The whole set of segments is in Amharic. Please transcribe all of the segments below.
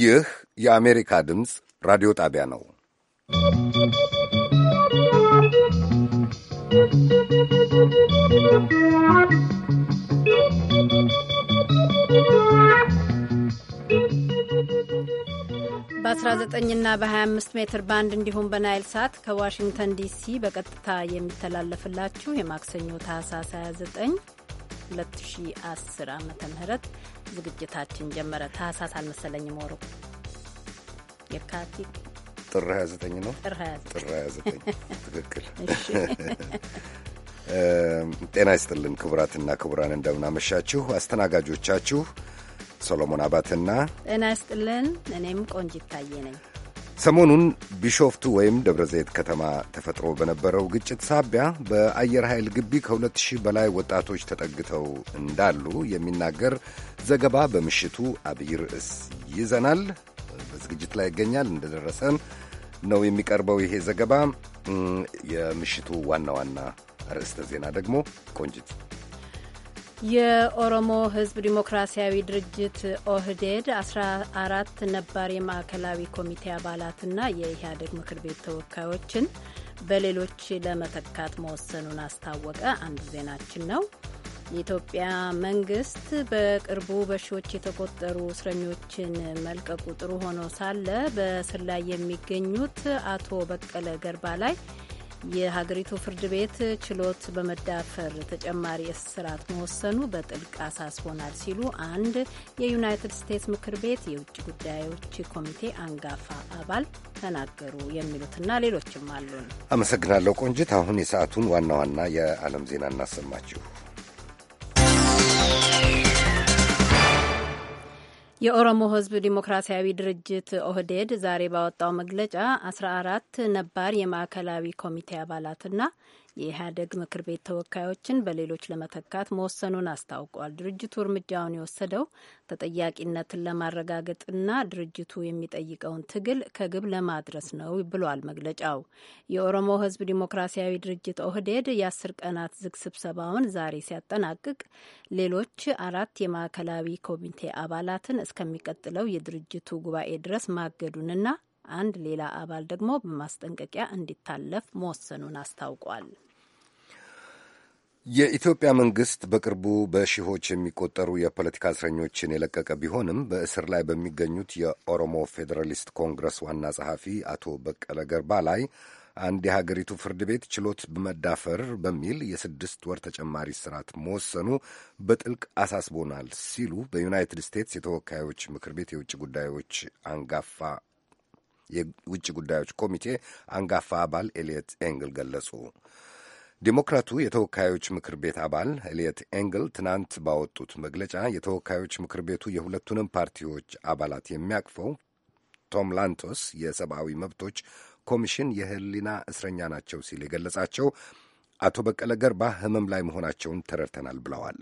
ይህ የአሜሪካ ድምፅ ራዲዮ ጣቢያ ነው። በ19 ና በ25 ሜትር ባንድ እንዲሁም በናይል ሳት ከዋሽንግተን ዲሲ በቀጥታ የሚተላለፍላችሁ የማክሰኞ ታህሳስ 29 2010 ዓ ም ዝግጅታችን ጀመረ። ታህሳስ አልመሰለኝም ወሩ የካቲት ጥር 29 ነው። ጥር 29 ትክክል። ጤና ይስጥልን ክቡራትና ክቡራን፣ እንደምናመሻችሁ። አስተናጋጆቻችሁ ሰሎሞን አባትና ጤና ይስጥልን። እኔም ቆንጅ ይታየ ነኝ። ሰሞኑን ቢሾፍቱ ወይም ደብረ ዘይት ከተማ ተፈጥሮ በነበረው ግጭት ሳቢያ በአየር ኃይል ግቢ ከ ሺህ በላይ ወጣቶች ተጠግተው እንዳሉ የሚናገር ዘገባ በምሽቱ አብይ ርዕስ ይዘናል። በዝግጅት ላይ ይገኛል። እንደደረሰን ነው የሚቀርበው ይሄ ዘገባ። የምሽቱ ዋና ዋና ርዕስተ ዜና ደግሞ ቆንጅት የኦሮሞ ህዝብ ዲሞክራሲያዊ ድርጅት ኦህዴድ አስራ አራት ነባር የማዕከላዊ ኮሚቴ አባላትና የኢህአዴግ ምክር ቤት ተወካዮችን በሌሎች ለመተካት መወሰኑን አስታወቀ። አንድ ዜናችን ነው። የኢትዮጵያ መንግስት በቅርቡ በሺዎች የተቆጠሩ እስረኞችን መልቀቁ ጥሩ ሆኖ ሳለ በእስር ላይ የሚገኙት አቶ በቀለ ገርባ ላይ የሀገሪቱ ፍርድ ቤት ችሎት በመዳፈር ተጨማሪ እስራት መወሰኑ በጥልቅ አሳስቦናል ሲሉ አንድ የዩናይትድ ስቴትስ ምክር ቤት የውጭ ጉዳዮች ኮሚቴ አንጋፋ አባል ተናገሩ። የሚሉትና ሌሎችም አሉን። አመሰግናለሁ ቆንጅት። አሁን የሰዓቱን ዋና ዋና የዓለም ዜና እናሰማችሁ። የኦሮሞ ህዝብ ዲሞክራሲያዊ ድርጅት ኦህዴድ ዛሬ ባወጣው መግለጫ አስራ አራት ነባር የማዕከላዊ ኮሚቴ አባላትና የኢህአዴግ ምክር ቤት ተወካዮችን በሌሎች ለመተካት መወሰኑን አስታውቋል። ድርጅቱ እርምጃውን የወሰደው ተጠያቂነትን ለማረጋገጥና ድርጅቱ የሚጠይቀውን ትግል ከግብ ለማድረስ ነው ብሏል መግለጫው። የኦሮሞ ህዝብ ዲሞክራሲያዊ ድርጅት ኦህዴድ የአስር ቀናት ዝግ ስብሰባውን ዛሬ ሲያጠናቅቅ ሌሎች አራት የማዕከላዊ ኮሚቴ አባላትን እስከሚቀጥለው የድርጅቱ ጉባኤ ድረስ ማገዱንና አንድ ሌላ አባል ደግሞ በማስጠንቀቂያ እንዲታለፍ መወሰኑን አስታውቋል። የኢትዮጵያ መንግስት በቅርቡ በሺዎች የሚቆጠሩ የፖለቲካ እስረኞችን የለቀቀ ቢሆንም በእስር ላይ በሚገኙት የኦሮሞ ፌዴራሊስት ኮንግረስ ዋና ጸሐፊ አቶ በቀለ ገርባ ላይ አንድ የሀገሪቱ ፍርድ ቤት ችሎት በመዳፈር በሚል የስድስት ወር ተጨማሪ ስርዓት መወሰኑ በጥልቅ አሳስቦናል ሲሉ በዩናይትድ ስቴትስ የተወካዮች ምክር ቤት የውጭ ጉዳዮች አንጋፋ የውጭ ጉዳዮች ኮሚቴ አንጋፋ አባል ኤልየት ኤንግል ገለጹ። ዴሞክራቱ የተወካዮች ምክር ቤት አባል ኤልየት ኤንግል ትናንት ባወጡት መግለጫ የተወካዮች ምክር ቤቱ የሁለቱንም ፓርቲዎች አባላት የሚያቅፈው ቶም ላንቶስ የሰብአዊ መብቶች ኮሚሽን የህሊና እስረኛ ናቸው ሲል የገለጻቸው አቶ በቀለ ገርባ ህመም ላይ መሆናቸውን ተረድተናል ብለዋል።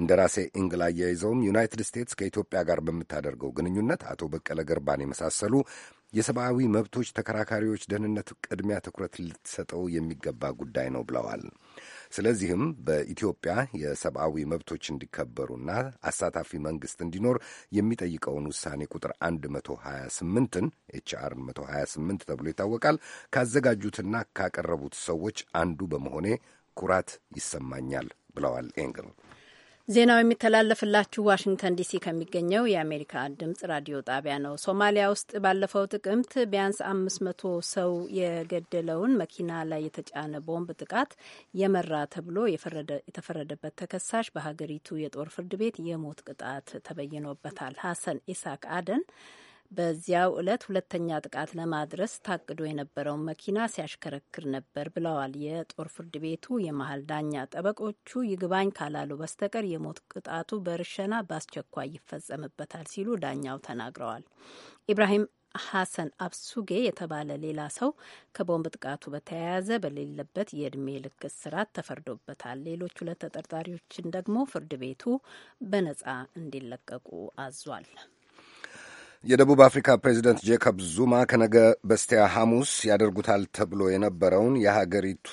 እንደ ራሴ እንግል አያይዘውም ዩናይትድ ስቴትስ ከኢትዮጵያ ጋር በምታደርገው ግንኙነት አቶ በቀለ ገርባን የመሳሰሉ የሰብአዊ መብቶች ተከራካሪዎች ደህንነት ቅድሚያ ትኩረት ልትሰጠው የሚገባ ጉዳይ ነው ብለዋል። ስለዚህም በኢትዮጵያ የሰብአዊ መብቶች እንዲከበሩና አሳታፊ መንግስት እንዲኖር የሚጠይቀውን ውሳኔ ቁጥር 128ን ኤችአር 128 ተብሎ ይታወቃል ካዘጋጁትና ካቀረቡት ሰዎች አንዱ በመሆኔ ኩራት ይሰማኛል ብለዋል ኤንግል ዜናው የሚተላለፍላችሁ ዋሽንግተን ዲሲ ከሚገኘው የአሜሪካ ድምጽ ራዲዮ ጣቢያ ነው። ሶማሊያ ውስጥ ባለፈው ጥቅምት ቢያንስ አምስት መቶ ሰው የገደለውን መኪና ላይ የተጫነ ቦምብ ጥቃት የመራ ተብሎ የተፈረደበት ተከሳሽ በሀገሪቱ የጦር ፍርድ ቤት የሞት ቅጣት ተበይኖበታል። ሀሰን ኢሳክ አደን በዚያው ዕለት ሁለተኛ ጥቃት ለማድረስ ታቅዶ የነበረውን መኪና ሲያሽከረክር ነበር ብለዋል። የጦር ፍርድ ቤቱ የመሀል ዳኛ ጠበቆቹ ይግባኝ ካላሉ በስተቀር የሞት ቅጣቱ በርሸና በአስቸኳይ ይፈጸምበታል ሲሉ ዳኛው ተናግረዋል። ኢብራሂም ሐሰን አብሱጌ የተባለ ሌላ ሰው ከቦምብ ጥቃቱ በተያያዘ በሌለበት የእድሜ ልክ እስራት ተፈርዶበታል። ሌሎች ሁለት ተጠርጣሪዎችን ደግሞ ፍርድ ቤቱ በነጻ እንዲለቀቁ አዟል። የደቡብ አፍሪካ ፕሬዚደንት ጄኮብ ዙማ ከነገ በስቲያ ሐሙስ ያደርጉታል ተብሎ የነበረውን የሀገሪቱ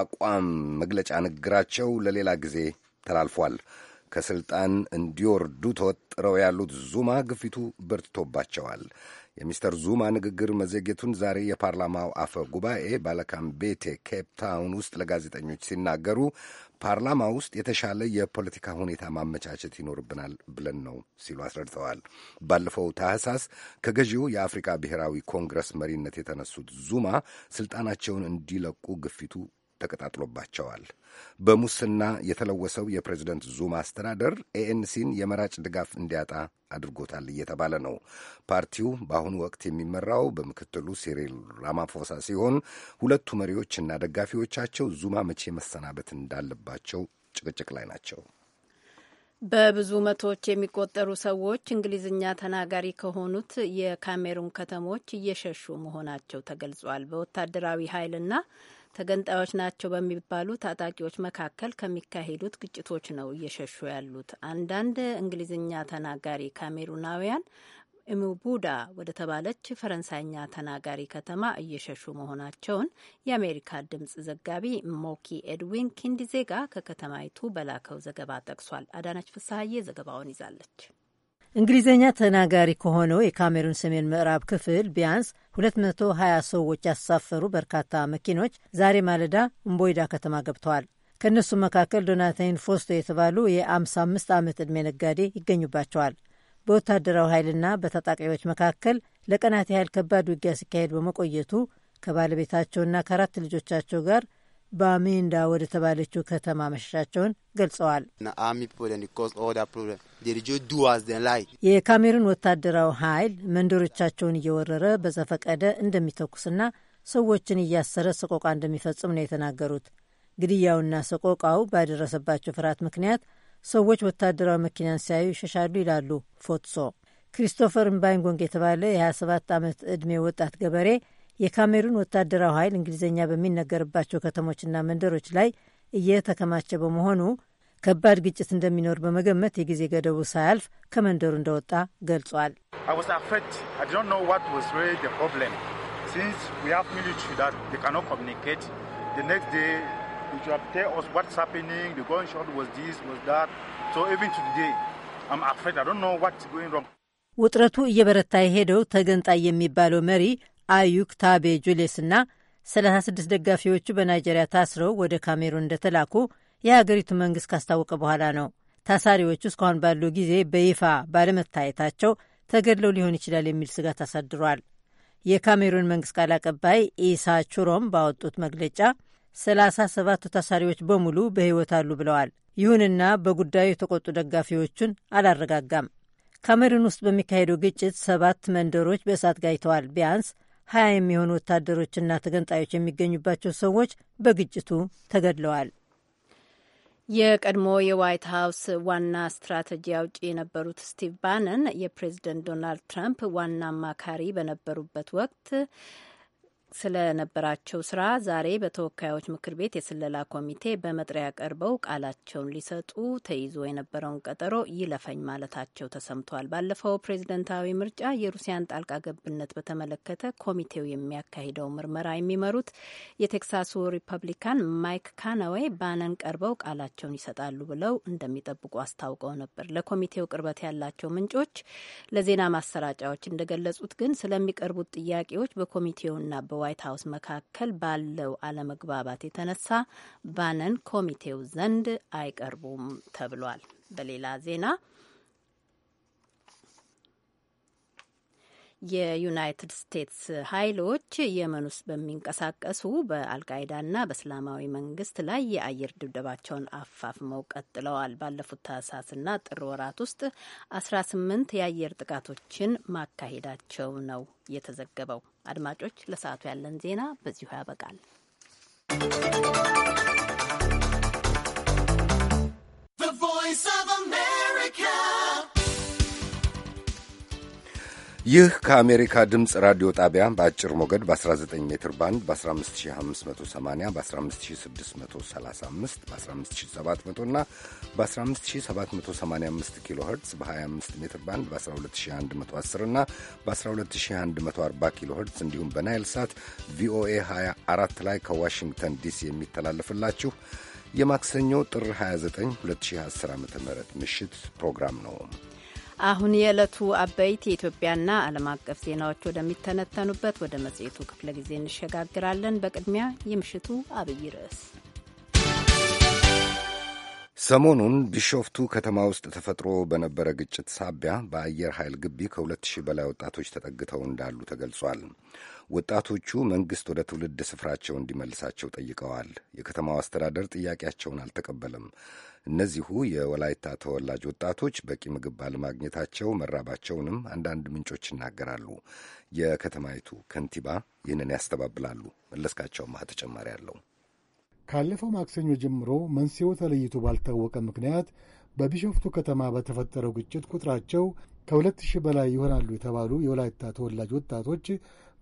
አቋም መግለጫ ንግግራቸው ለሌላ ጊዜ ተላልፏል። ከስልጣን እንዲወርዱ ተወጥረው ያሉት ዙማ ግፊቱ በርትቶባቸዋል። የሚስተር ዙማ ንግግር መዘግየቱን ዛሬ የፓርላማው አፈ ጉባኤ ባለካምቤቴ ኬፕታውን ውስጥ ለጋዜጠኞች ሲናገሩ ፓርላማ ውስጥ የተሻለ የፖለቲካ ሁኔታ ማመቻቸት ይኖርብናል ብለን ነው ሲሉ አስረድተዋል። ባለፈው ታህሳስ ከገዢው የአፍሪካ ብሔራዊ ኮንግረስ መሪነት የተነሱት ዙማ ስልጣናቸውን እንዲለቁ ግፊቱ ተቀጣጥሎባቸዋል። በሙስና የተለወሰው የፕሬዝደንት ዙማ አስተዳደር ኤኤንሲን የመራጭ ድጋፍ እንዲያጣ አድርጎታል እየተባለ ነው። ፓርቲው በአሁኑ ወቅት የሚመራው በምክትሉ ሲሪል ራማፎሳ ሲሆን ሁለቱ መሪዎች እና ደጋፊዎቻቸው ዙማ መቼ መሰናበት እንዳለባቸው ጭቅጭቅ ላይ ናቸው። በብዙ መቶዎች የሚቆጠሩ ሰዎች እንግሊዝኛ ተናጋሪ ከሆኑት የካሜሩን ከተሞች እየሸሹ መሆናቸው ተገልጿል። በወታደራዊ ኃይልና ተገንጣዮች ናቸው በሚባሉ ታጣቂዎች መካከል ከሚካሄዱት ግጭቶች ነው እየሸሹ ያሉት። አንዳንድ እንግሊዝኛ ተናጋሪ ካሜሩናውያን ኢሙቡዳ ወደ ተባለች ፈረንሳይኛ ተናጋሪ ከተማ እየሸሹ መሆናቸውን የአሜሪካ ድምጽ ዘጋቢ ሞኪ ኤድዊን ኪንዲዜጋ ከከተማይቱ በላከው ዘገባ ጠቅሷል። አዳነች ፍሳሀዬ ዘገባውን ይዛለች። እንግሊዝኛ ተናጋሪ ከሆነው የካሜሩን ሰሜን ምዕራብ ክፍል ቢያንስ 220 ሰዎች ያሳፈሩ በርካታ መኪኖች ዛሬ ማለዳ እምቦይዳ ከተማ ገብተዋል። ከእነሱ መካከል ዶናታይን ፎስቶ የተባሉ የ55 ዓመት ዕድሜ ነጋዴ ይገኙባቸዋል። በወታደራዊ ኃይልና በታጣቂዎች መካከል ለቀናት ያህል ከባድ ውጊያ ሲካሄድ በመቆየቱ ከባለቤታቸውና ከአራት ልጆቻቸው ጋር ባሜንዳ ወደ ተባለችው ከተማ መሸሻቸውን ገልጸዋል። የካሜሩን ወታደራዊ ኃይል መንደሮቻቸውን እየወረረ በዘፈቀደ እንደሚተኩስና ሰዎችን እያሰረ ሰቆቃ እንደሚፈጽም ነው የተናገሩት። ግድያውና ሰቆቃው ባደረሰባቸው ፍርሃት ምክንያት ሰዎች ወታደራዊ መኪናን ሲያዩ ይሸሻሉ ይላሉ ፎትሶ። ክሪስቶፈር ምባይንጎንግ የተባለ የ27 ዓመት ዕድሜ ወጣት ገበሬ የካሜሩን ወታደራዊ ኃይል እንግሊዝኛ በሚነገርባቸው ከተሞችና መንደሮች ላይ እየተከማቸ በመሆኑ ከባድ ግጭት እንደሚኖር በመገመት የጊዜ ገደቡ ሳያልፍ ከመንደሩ እንደወጣ ገልጿል። ውጥረቱ እየበረታ የሄደው ተገንጣይ የሚባለው መሪ አዩክ ታቤ ጁሌስና 36 ደጋፊዎቹ በናይጄሪያ ታስረው ወደ ካሜሩን እንደተላኩ የሀገሪቱ መንግስት ካስታወቀ በኋላ ነው። ታሳሪዎቹ እስካሁን ባለው ጊዜ በይፋ ባለመታየታቸው ተገድለው ሊሆን ይችላል የሚል ስጋት አሳድሯል። የካሜሩን መንግስት ቃል አቀባይ ኢሳ ቹሮም ባወጡት መግለጫ ሰላሳ ሰባቱ ታሳሪዎች በሙሉ በሕይወት አሉ ብለዋል። ይሁንና በጉዳዩ የተቆጡ ደጋፊዎቹን አላረጋጋም። ካሜሩን ውስጥ በሚካሄደው ግጭት ሰባት መንደሮች በእሳት ጋይተዋል። ቢያንስ ሀያ የሚሆኑ ወታደሮችና ተገንጣዮች የሚገኙባቸው ሰዎች በግጭቱ ተገድለዋል። የቀድሞ የዋይት ሀውስ ዋና ስትራቴጂ አውጪ የነበሩት ስቲቭ ባነን የፕሬዝደንት ዶናልድ ትራምፕ ዋና አማካሪ በነበሩበት ወቅት ስለነበራቸው ስራ ዛሬ በተወካዮች ምክር ቤት የስለላ ኮሚቴ በመጥሪያ ቀርበው ቃላቸውን ሊሰጡ ተይዞ የነበረውን ቀጠሮ ይለፈኝ ማለታቸው ተሰምቷል። ባለፈው ፕሬዝደንታዊ ምርጫ የሩሲያን ጣልቃ ገብነት በተመለከተ ኮሚቴው የሚያካሂደው ምርመራ የሚመሩት የቴክሳሱ ሪፐብሊካን ማይክ ካናዌይ ባነን ቀርበው ቃላቸውን ይሰጣሉ ብለው እንደሚጠብቁ አስታውቀው ነበር። ለኮሚቴው ቅርበት ያላቸው ምንጮች ለዜና ማሰራጫዎች እንደገለጹት ግን ስለሚቀርቡት ጥያቄዎች በኮሚቴውና በ በዋይት ሀውስ መካከል ባለው አለመግባባት የተነሳ ባነን ኮሚቴው ዘንድ አይቀርቡም ተብሏል። በሌላ ዜና የዩናይትድ ስቴትስ ኃይሎች የመን ውስጥ በሚንቀሳቀሱ በአልቃይዳና በእስላማዊ መንግስት ላይ የአየር ድብደባቸውን አፋፍመው ቀጥለዋል። ባለፉት ታህሳስና ጥር ወራት ውስጥ 18 የአየር ጥቃቶችን ማካሄዳቸው ነው የተዘገበው። አድማጮች፣ ለሰዓቱ ያለን ዜና በዚሁ ያበቃል። ይህ ከአሜሪካ ድምፅ ራዲዮ ጣቢያ በአጭር ሞገድ በ19 ሜትር ባንድ በ15580 በ15635 በ15700 እና በ15785 ኪሎ ኸርትዝ በ25 ሜትር ባንድ በ12110 እና በ12140 ኪሎ ኸርትዝ እንዲሁም በናይል ሳት ቪኦኤ 24 ላይ ከዋሽንግተን ዲሲ የሚተላለፍላችሁ የማክሰኞ ጥር 29 2010 ዓ ም ምሽት ፕሮግራም ነው። አሁን የዕለቱ አበይት የኢትዮጵያና ዓለም አቀፍ ዜናዎች ወደሚተነተኑበት ወደ መጽሔቱ ክፍለ ጊዜ እንሸጋግራለን። በቅድሚያ የምሽቱ አብይ ርዕስ ሰሞኑን ቢሾፍቱ ከተማ ውስጥ ተፈጥሮ በነበረ ግጭት ሳቢያ በአየር ኃይል ግቢ ከሁለት ሺህ በላይ ወጣቶች ተጠግተው እንዳሉ ተገልጿል። ወጣቶቹ መንግሥት ወደ ትውልድ ስፍራቸው እንዲመልሳቸው ጠይቀዋል። የከተማው አስተዳደር ጥያቄያቸውን አልተቀበለም። እነዚሁ የወላይታ ተወላጅ ወጣቶች በቂ ምግብ ባለማግኘታቸው መራባቸውንም አንዳንድ ምንጮች ይናገራሉ። የከተማይቱ ከንቲባ ይህንን ያስተባብላሉ። መለስካቸው ማህ ተጨማሪ አለው። ካለፈው ማክሰኞ ጀምሮ መንስኤው ተለይቶ ባልታወቀ ምክንያት በቢሾፍቱ ከተማ በተፈጠረው ግጭት ቁጥራቸው ከሁለት ሺህ በላይ ይሆናሉ የተባሉ የወላይታ ተወላጅ ወጣቶች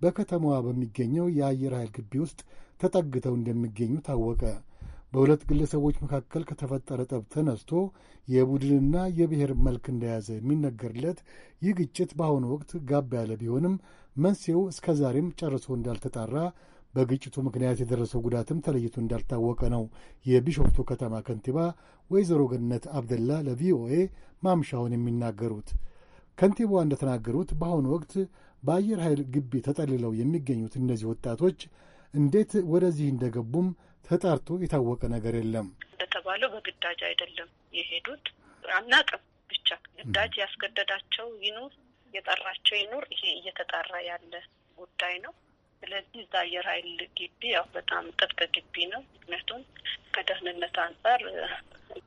በከተማዋ በሚገኘው የአየር ኃይል ግቢ ውስጥ ተጠግተው እንደሚገኙ ታወቀ። በሁለት ግለሰቦች መካከል ከተፈጠረ ጠብ ተነስቶ የቡድንና የብሔር መልክ እንደያዘ የሚነገርለት ይህ ግጭት በአሁኑ ወቅት ጋብ ያለ ቢሆንም መንስኤው እስከ ዛሬም ጨርሶ እንዳልተጣራ በግጭቱ ምክንያት የደረሰው ጉዳትም ተለይቶ እንዳልታወቀ ነው የቢሾፍቱ ከተማ ከንቲባ ወይዘሮ ገነት አብደላ ለቪኦኤ ማምሻውን የሚናገሩት። ከንቲባዋ እንደተናገሩት በአሁኑ ወቅት በአየር ኃይል ግቢ ተጠልለው የሚገኙት እነዚህ ወጣቶች እንዴት ወደዚህ እንደገቡም ተጣርቶ የታወቀ ነገር የለም። እንደተባለው በግዳጅ አይደለም የሄዱት አናቅም። ብቻ ግዳጅ ያስገደዳቸው ይኑር የጠራቸው ይኑር፣ ይሄ እየተጣራ ያለ ጉዳይ ነው። ስለዚህ እዛ አየር ኃይል ግቢ ያው በጣም ጥብቅ ግቢ ነው። ምክንያቱም ከደህንነት አንጻር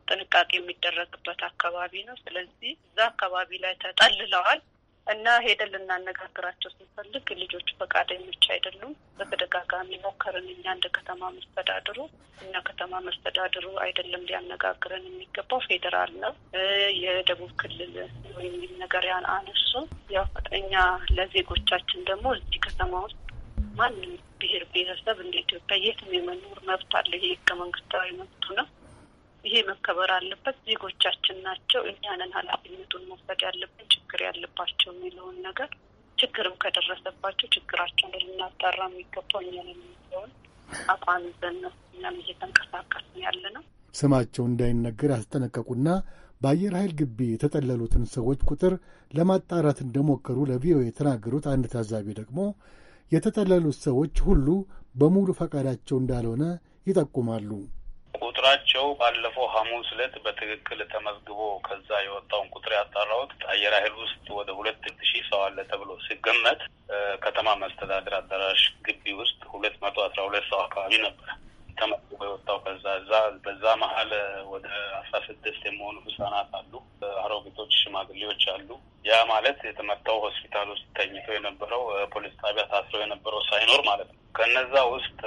ጥንቃቄ የሚደረግበት አካባቢ ነው። ስለዚህ እዛ አካባቢ ላይ ተጠልለዋል። እና ሄደን ልናነጋግራቸው ስንፈልግ ልጆቹ ፈቃደኞች አይደሉም። በተደጋጋሚ ሞከርን። እኛ እንደ ከተማ መስተዳድሩ እኛ ከተማ መስተዳድሩ አይደለም ሊያነጋግረን የሚገባው ፌዴራል ነው። የደቡብ ክልል የሚል ነገር ያን አነሱ። ያው እኛ ለዜጎቻችን ደግሞ እዚህ ከተማ ውስጥ ማንም ብሄር ብሔረሰብ እንደ ኢትዮጵያ የትም የመኖር መብት አለ። የህገ መንግስታዊ መብቱ ነው። ይሄ መከበር አለበት። ዜጎቻችን ናቸው፣ እኛንን ኃላፊነቱን መውሰድ ያለብን ችግር ያለባቸው የሚለውን ነገር ችግርም ከደረሰባቸው ችግራቸውን ልናጣራ የሚገባው እኛን የሚለውን አቋም ይዘን ነው እኛም እየተንቀሳቀስን ያለ ነው። ስማቸው እንዳይነገር ያስጠነቀቁና በአየር ኃይል ግቢ የተጠለሉትን ሰዎች ቁጥር ለማጣራት እንደሞከሩ ለቪኦኤ የተናገሩት አንድ ታዛቢ ደግሞ የተጠለሉት ሰዎች ሁሉ በሙሉ ፈቃዳቸው እንዳልሆነ ይጠቁማሉ። ቁጥራቸው ባለፈው ሐሙስ ዕለት በትክክል ተመዝግቦ ከዛ የወጣውን ቁጥር ያጣራሁት አየር ኃይል ውስጥ ወደ ሁለት ሺ ሰው አለ ተብሎ ሲገመት ከተማ መስተዳደር አዳራሽ ግቢ ውስጥ ሁለት መቶ አስራ ሁለት ሰው አካባቢ ነበር። ተመርቆ የወጣው በዛ እዛ በዛ መሀል ወደ አስራ ስድስት የሚሆኑ ህጻናት አሉ፣ አሮጊቶች፣ ሽማግሌዎች አሉ። ያ ማለት የተመታው ሆስፒታል ውስጥ ተኝቶ የነበረው ፖሊስ ጣቢያ ታስረው የነበረው ሳይኖር ማለት ነው። ከነዛ ውስጥ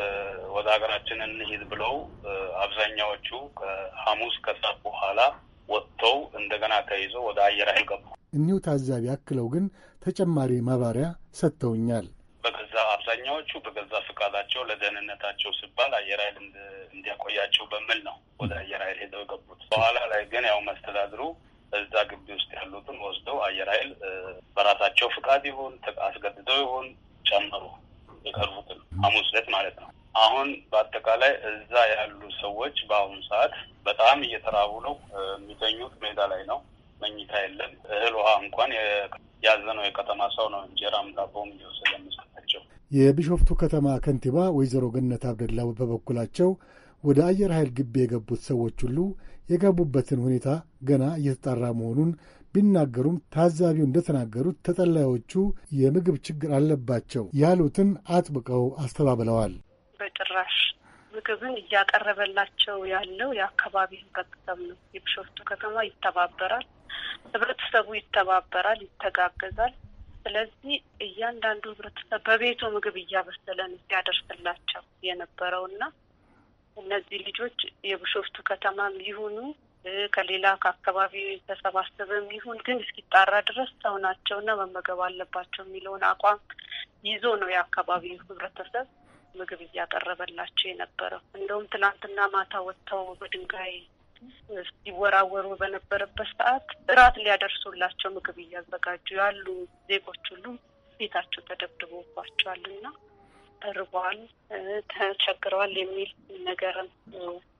ወደ ሀገራችን እንሂድ ብለው አብዛኛዎቹ ከሐሙስ ከሰዓት በኋላ ወጥተው እንደገና ተይዞ ወደ አየር ኃይል ገቡ። እኒሁ ታዛቢ አክለው ግን ተጨማሪ ማብራሪያ ሰጥተውኛል። አብዛኛዎቹ በገዛ ፈቃዳቸው ለደህንነታቸው ሲባል አየር ኃይል እንዲያቆያቸው በሚል ነው ወደ አየር ኃይል ሄደው የገቡት። በኋላ ላይ ግን ያው መስተዳድሩ እዛ ግቢ ውስጥ ያሉትን ወስደው አየር ኃይል በራሳቸው ፍቃድ ይሁን አስገድደው ይሁን ጨመሩ የቀርቡትን ሐሙስ ዕለት ማለት ነው። አሁን በአጠቃላይ እዛ ያሉ ሰዎች በአሁኑ ሰዓት በጣም እየተራቡ ነው። የሚተኙት ሜዳ ላይ ነው። መኝታ የለም። እህል ውሃ እንኳን ያዘነው የከተማ ሰው ነው እንጀራም ዳቦም እየወሰደ የሚሰጣቸው የቢሾፍቱ ከተማ ከንቲባ ወይዘሮ ገነት አብደላ በበኩላቸው ወደ አየር ኃይል ግቢ የገቡት ሰዎች ሁሉ የገቡበትን ሁኔታ ገና እየተጣራ መሆኑን ቢናገሩም ታዛቢው እንደተናገሩት ተጠላዮቹ የምግብ ችግር አለባቸው ያሉትን አጥብቀው አስተባብለዋል። በጭራሽ ምግብን እያቀረበላቸው ያለው የአካባቢ ህብረተሰብ ነው። የቢሾፍቱ ከተማ ይተባበራል፣ ህብረተሰቡ ይተባበራል፣ ይተጋገዛል። ስለዚህ እያንዳንዱ ህብረተሰብ በቤቱ ምግብ እያበሰለን ሲያደርስላቸው የነበረውና እነዚህ ልጆች የብሾፍቱ ከተማም ይሁኑ ከሌላ ከአካባቢ ተሰባሰበም ይሁን ግን እስኪጣራ ድረስ ሰው ናቸውና መመገብ አለባቸው የሚለውን አቋም ይዞ ነው የአካባቢው ህብረተሰብ ምግብ እያቀረበላቸው የነበረው። እንደውም ትናንትና ማታ ወጥተው በድንጋይ ሲወራወሩ በነበረበት ሰዓት እራት ሊያደርሱላቸው ምግብ እያዘጋጁ ያሉ ዜጎች ሁሉ ቤታቸው ተደብድቦባቸዋል እና ተርበዋል፣ ተቸግረዋል የሚል ነገርም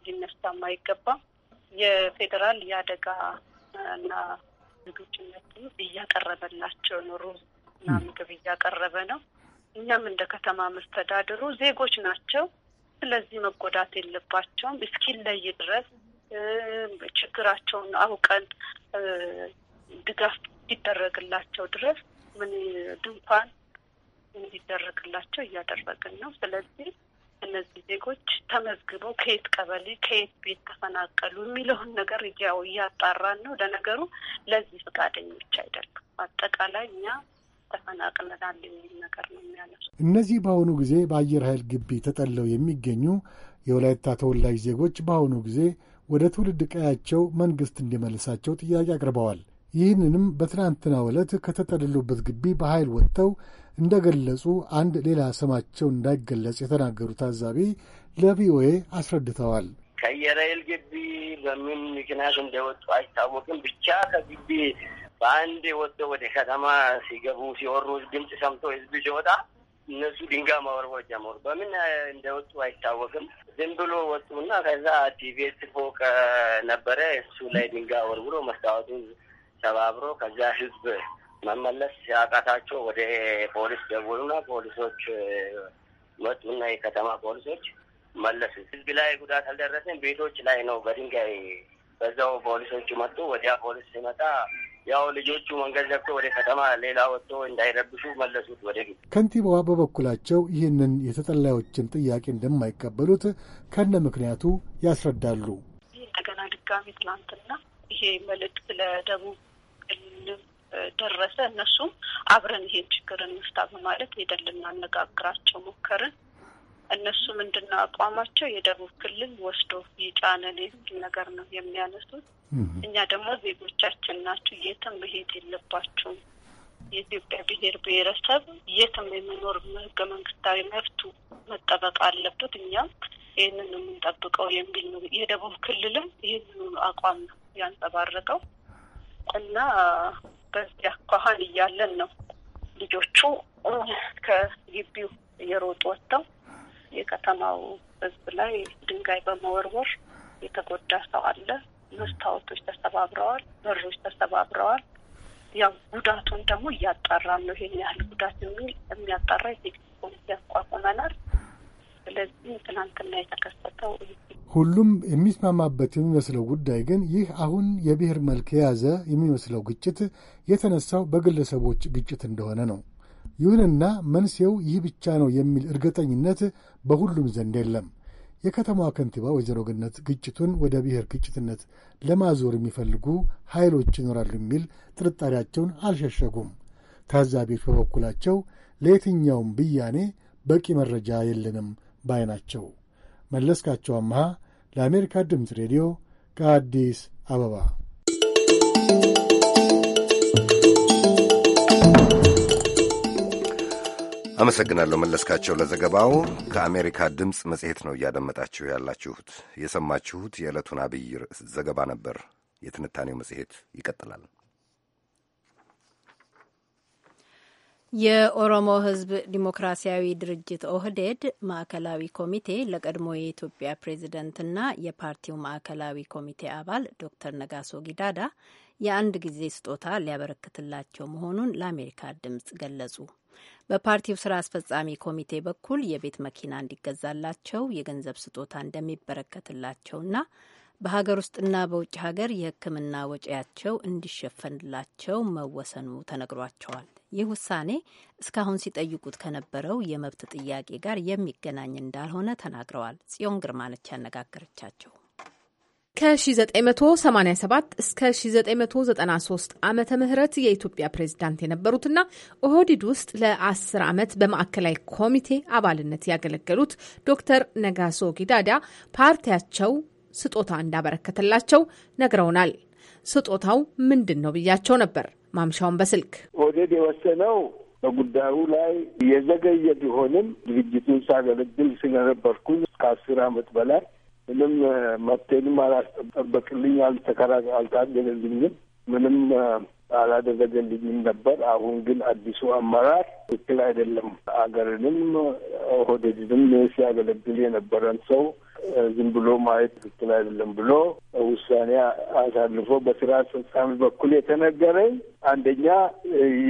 ሊነሳም አይገባም። የፌዴራል የአደጋ እና ዝግጁነት እያቀረበላቸው ነው። ሩዝ እና ምግብ እያቀረበ ነው። እኛም እንደ ከተማ መስተዳድሩ ዜጎች ናቸው፣ ስለዚህ መጎዳት የለባቸውም እስኪለይ ድረስ ችግራቸውን አውቀን ድጋፍ እንዲደረግላቸው ድረስ ምን ድንኳን እንዲደረግላቸው እያደረግን ነው። ስለዚህ እነዚህ ዜጎች ተመዝግበው ከየት ቀበሌ ከየት ቤት ተፈናቀሉ የሚለውን ነገር ያው እያጣራን ነው። ለነገሩ ለዚህ ፈቃደኞች አይደሉም። አጠቃላይ እኛ ተፈናቅለናል የሚል ነገር ነው የሚያነሱ። እነዚህ በአሁኑ ጊዜ በአየር ኃይል ግቢ ተጠለው የሚገኙ የወላይታ ተወላጅ ዜጎች በአሁኑ ጊዜ ወደ ትውልድ ቀያቸው መንግሥት እንዲመልሳቸው ጥያቄ አቅርበዋል። ይህንንም በትናንትና ዕለት ከተጠልሉበት ግቢ በኃይል ወጥተው እንደ ገለጹ አንድ ሌላ ስማቸው እንዳይገለጽ የተናገሩ ታዛቢ ለቪኦኤ አስረድተዋል። ከየራይል ግቢ በምን ምክንያት እንደወጡ አይታወቅም። ብቻ ከግቢ በአንድ ወጥተው ወደ ከተማ ሲገቡ ሲወሩ ድምፅ ሰምቶ ህዝብ ሲወጣ እነሱ ድንጋይ መወርወር ጀመሩ። በምን እንደወጡ አይታወቅም። ዝም ብሎ ወጡና ከዛ ዲቤት ፎቅ ነበረ እሱ ላይ ድንጋይ ወርውሮ መስታወቱን ሰባብሮ ከዛ ህዝብ መመለስ አቃታቸው። ወደ ፖሊስ ደወሉና ፖሊሶች መጡና የከተማ ፖሊሶች መለሱ። ህዝብ ላይ ጉዳት አልደረሰም። ቤቶች ላይ ነው በድንጋይ በዛው ፖሊሶች መጡ። ወዲያ ፖሊስ ሲመጣ ያው ልጆቹ መንገድ ዘግቶ ወደ ከተማ ሌላ ወጥቶ እንዳይረብሹ መለሱት ወደ ቤት። ከንቲባዋ በበኩላቸው ይህንን የተጠላዮችን ጥያቄ እንደማይቀበሉት ከነ ምክንያቱ ያስረዳሉ። እንደገና ድጋሚ ትናንትና ይሄ መልእክት ለደቡብ ክልል ደረሰ። እነሱም አብረን ይሄን ችግርን እንፍታ በማለት ሄደን ልናነጋግራቸው ሞከርን። እነሱ ምንድነው አቋማቸው? የደቡብ ክልል ወስዶ የጫነን ነገር ነው የሚያነሱት። እኛ ደግሞ ዜጎቻችን ናችሁ፣ የትም መሄድ የለባችሁም። የኢትዮጵያ ብሔር ብሔረሰብ የትም የመኖር ህገ መንግስታዊ መብቱ መጠበቅ አለበት። እኛም ይህንን የምንጠብቀው የሚል ነው። የደቡብ ክልልም ይህንኑ አቋም ነው ያንጸባረቀው እና በዚህ አኳኋን እያለን ነው ልጆቹ ከግቢው እየሮጡ ወጥተው የከተማው ህዝብ ላይ ድንጋይ በመወርወር የተጎዳ ሰው አለ። መስታወቶች ተሰባብረዋል፣ በሮች ተሰባብረዋል። ያው ጉዳቱን ደግሞ እያጣራን ነው። ይሄን ያህል ጉዳት የሚል የሚያጣራ የቴክኒክ ኮሚቴ ያቋቁመናል። ስለዚህ ትናንትና የተከሰተው ሁሉም የሚስማማበት የሚመስለው ጉዳይ ግን ይህ አሁን የብሔር መልክ የያዘ የሚመስለው ግጭት የተነሳው በግለሰቦች ግጭት እንደሆነ ነው። ይሁንና መንስኤው ይህ ብቻ ነው የሚል እርግጠኝነት በሁሉም ዘንድ የለም። የከተማዋ ከንቲባ ወይዘሮ ገነት ግጭቱን ወደ ብሔር ግጭትነት ለማዞር የሚፈልጉ ኃይሎች ይኖራሉ የሚል ጥርጣሬያቸውን አልሸሸጉም። ታዛቢዎች በበኩላቸው ለየትኛውም ብያኔ በቂ መረጃ የለንም ባይ ናቸው። መለስካቸው አመሃ ለአሜሪካ ድምፅ ሬዲዮ ከአዲስ አበባ አመሰግናለሁ መለስካቸው ለዘገባው። ከአሜሪካ ድምፅ መጽሔት ነው እያደመጣችሁ ያላችሁት። የሰማችሁት የዕለቱን አብይ ርዕስ ዘገባ ነበር። የትንታኔው መጽሔት ይቀጥላል። የኦሮሞ ሕዝብ ዲሞክራሲያዊ ድርጅት ኦህዴድ ማዕከላዊ ኮሚቴ ለቀድሞ የኢትዮጵያ ፕሬዝደንትና የፓርቲው ማዕከላዊ ኮሚቴ አባል ዶክተር ነጋሶ ጊዳዳ የአንድ ጊዜ ስጦታ ሊያበረክትላቸው መሆኑን ለአሜሪካ ድምፅ ገለጹ። በፓርቲው ስራ አስፈጻሚ ኮሚቴ በኩል የቤት መኪና እንዲገዛላቸው የገንዘብ ስጦታ እንደሚበረከትላቸውና በሀገር ውስጥና በውጭ ሀገር የሕክምና ወጪያቸው እንዲሸፈንላቸው መወሰኑ ተነግሯቸዋል። ይህ ውሳኔ እስካሁን ሲጠይቁት ከነበረው የመብት ጥያቄ ጋር የሚገናኝ እንዳልሆነ ተናግረዋል። ጽዮን ግርማ ነች ያነጋገረቻቸው። ከ1987 እስከ 1993 ዓመተ ምህረት የኢትዮጵያ ፕሬዝዳንት የነበሩትና ኦህዲድ ውስጥ ለ10 ዓመት በማዕከላዊ ኮሚቴ አባልነት ያገለገሉት ዶክተር ነጋሶ ጊዳዳ ፓርቲያቸው ስጦታ እንዳበረከተላቸው ነግረውናል። ስጦታው ምንድን ነው ብያቸው ነበር ማምሻውን በስልክ ኦህዴድ የወሰነው በጉዳዩ ላይ የዘገየ ቢሆንም ድርጅቱን ሳገለግል ስለነበርኩኝ ከአስር ዓመት በላይ ምንም መፍትሄንም አላስጠበቅልኝ፣ አልታገለልኝም፣ ምንም አላደረገልኝም ነበር። አሁን ግን አዲሱ አመራር ትክክል አይደለም፣ አገርንም ኦህዴድንም ሲያገለግል የነበረን ሰው ዝም ብሎ ማየት ትክክል አይደለም ብሎ ውሳኔ አሳልፎ በስራ አስፈጻሚ በኩል የተነገረኝ አንደኛ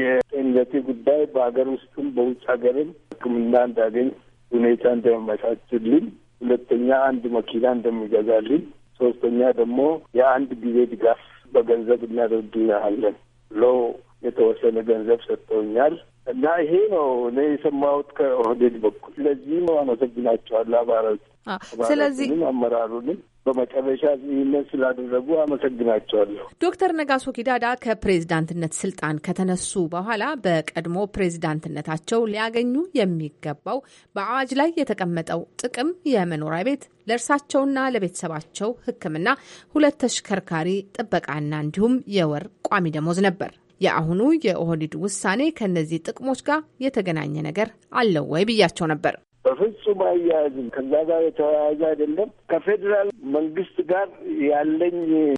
የጤንነቴ ጉዳይ በሀገር ውስጥም በውጭ ሀገርም ሕክምና እንዳገኝ ሁኔታ እንደመቻችልኝ ሁለተኛ አንድ መኪና እንደሚገዛልን፣ ሶስተኛ ደግሞ የአንድ ጊዜ ድጋፍ በገንዘብ እናደርግልሃለን ብሎ የተወሰነ ገንዘብ ሰጥቶኛል። እና ይሄ ነው እኔ የሰማሁት ከኦህዴድ በኩል። ስለዚህ ነው አመሰግናቸዋለሁ አባላት ስለዚህ አመራሩንም በመጨረሻ ይህንን ስላደረጉ አመሰግናቸዋለሁ። ዶክተር ነጋሶ ጊዳዳ ከፕሬዝዳንትነት ስልጣን ከተነሱ በኋላ በቀድሞ ፕሬዝዳንትነታቸው ሊያገኙ የሚገባው በአዋጅ ላይ የተቀመጠው ጥቅም የመኖሪያ ቤት ለእርሳቸውና ለቤተሰባቸው ሕክምና፣ ሁለት ተሽከርካሪ፣ ጥበቃና እንዲሁም የወር ቋሚ ደሞዝ ነበር። የአሁኑ የኦህዴድ ውሳኔ ከእነዚህ ጥቅሞች ጋር የተገናኘ ነገር አለው ወይ ብያቸው ነበር። በፍጹም አያያዝም ከዛ ጋር የተያያዘ አይደለም። ከፌዴራል መንግስት ጋር ያለኝ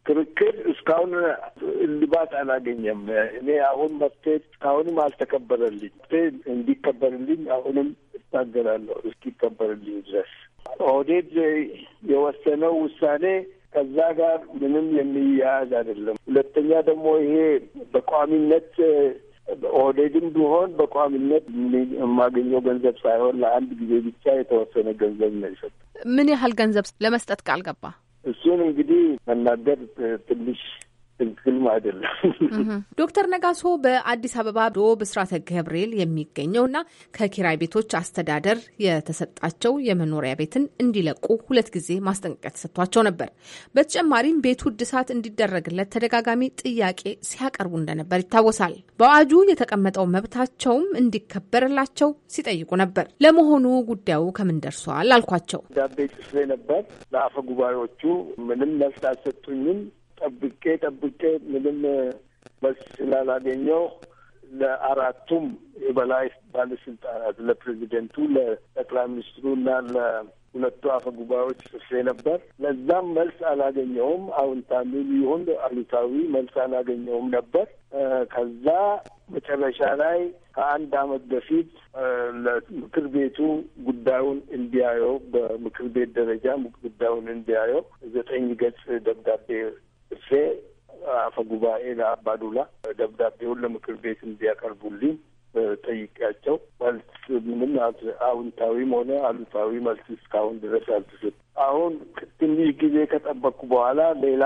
ክርክር እስካሁን እልባት አላገኘም። እኔ አሁን መፍትሄ እስካሁንም አልተከበረልኝ። መፍትሄ እንዲከበርልኝ አሁንም እታገላለሁ እስኪከበርልኝ ድረስ። ኦህዴድ የወሰነው ውሳኔ ከዛ ጋር ምንም የሚያያዝ አይደለም። ሁለተኛ ደግሞ ይሄ በቋሚነት ኦህዴድም ቢሆን በቋሚነት የማገኘው ገንዘብ ሳይሆን ለአንድ ጊዜ ብቻ የተወሰነ ገንዘብ ነው የሰጠ። ምን ያህል ገንዘብ ለመስጠት ቃል ገባ? እሱን እንግዲህ መናገር ትንሽ ትክክልም አይደለም። ዶክተር ነጋሶ በአዲስ አበባ ዶ ብስራተ ገብርኤል እና ከኪራይ ቤቶች አስተዳደር የተሰጣቸው የመኖሪያ ቤትን እንዲለቁ ሁለት ጊዜ ማስጠንቀቂያ ተሰጥቷቸው ነበር። በተጨማሪም ቤቱ እድሳት እንዲደረግለት ተደጋጋሚ ጥያቄ ሲያቀርቡ እንደነበር ይታወሳል። በአዋጁ የተቀመጠው መብታቸውም እንዲከበርላቸው ሲጠይቁ ነበር። ለመሆኑ ጉዳዩ ከምን ደርሷል? አልኳቸው። ዳቤ ነበር ለአፈ ጉባኤዎቹ ምንም መልስ አልሰጡኝም። ጠብቄ ጠብቄ ምንም መልስ ስላላገኘው ለአራቱም የበላይ ባለስልጣናት ለፕሬዚደንቱ፣ ለጠቅላይ ሚኒስትሩ እና ለሁለቱ አፈ ጉባኤዎች ጽፌ ነበር። ለዛም መልስ አላገኘውም። አዎንታዊ ይሁን አሉታዊ መልስ አላገኘውም ነበር። ከዛ መጨረሻ ላይ ከአንድ አመት በፊት ለምክር ቤቱ ጉዳዩን እንዲያየው በምክር ቤት ደረጃ ጉዳዩን እንዲያየው ዘጠኝ ገጽ ደብዳቤ ጽፌ አፈ ጉባኤ ለአባዱላ ደብዳቤውን ለምክር ቤት እንዲያቀርቡልኝ ጠይቄያቸው መልስ ምንም አዎንታዊም ሆነ አሉታዊ መልስ እስካሁን ድረስ አልተሰጠም። አሁን ትንሽ ጊዜ ከጠበቅኩ በኋላ ሌላ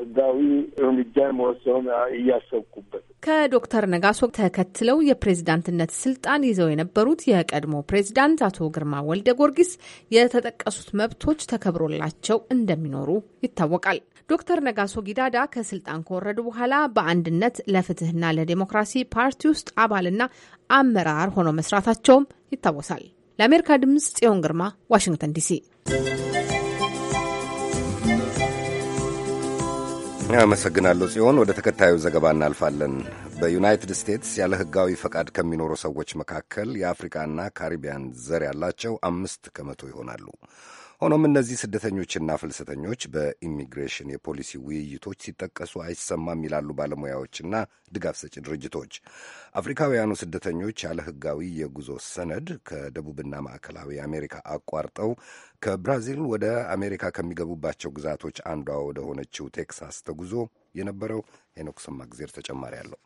ህጋዊ እርምጃ መወሰን እያሰብኩበት። ከዶክተር ነጋሶ ተከትለው የፕሬዝዳንትነት ስልጣን ይዘው የነበሩት የቀድሞ ፕሬዝዳንት አቶ ግርማ ወልደ ጊዮርጊስ የተጠቀሱት መብቶች ተከብሮላቸው እንደሚኖሩ ይታወቃል። ዶክተር ነጋሶ ጊዳዳ ከስልጣን ከወረዱ በኋላ በአንድነት ለፍትህና ለዴሞክራሲ ፓርቲ ውስጥ አባልና አመራር ሆኖ መስራታቸውም ይታወሳል። ለአሜሪካ ድምፅ ጽዮን ግርማ ዋሽንግተን ዲሲ አመሰግናለሁ ጽዮን። ወደ ተከታዩ ዘገባ እናልፋለን። በዩናይትድ ስቴትስ ያለ ሕጋዊ ፈቃድ ከሚኖሩ ሰዎች መካከል የአፍሪካና ካሪቢያን ዘር ያላቸው አምስት ከመቶ ይሆናሉ። ሆኖም እነዚህ ስደተኞችና ፍልሰተኞች በኢሚግሬሽን የፖሊሲ ውይይቶች ሲጠቀሱ አይሰማም ይላሉ ባለሙያዎችና ድጋፍ ሰጪ ድርጅቶች። አፍሪካውያኑ ስደተኞች ያለ ሕጋዊ የጉዞ ሰነድ ከደቡብና ማዕከላዊ አሜሪካ አቋርጠው ከብራዚል ወደ አሜሪካ ከሚገቡባቸው ግዛቶች አንዷ ወደ ሆነችው ቴክሳስ ተጉዞ የነበረው ሄኖክ ሰማግዜር ተጨማሪ አለው።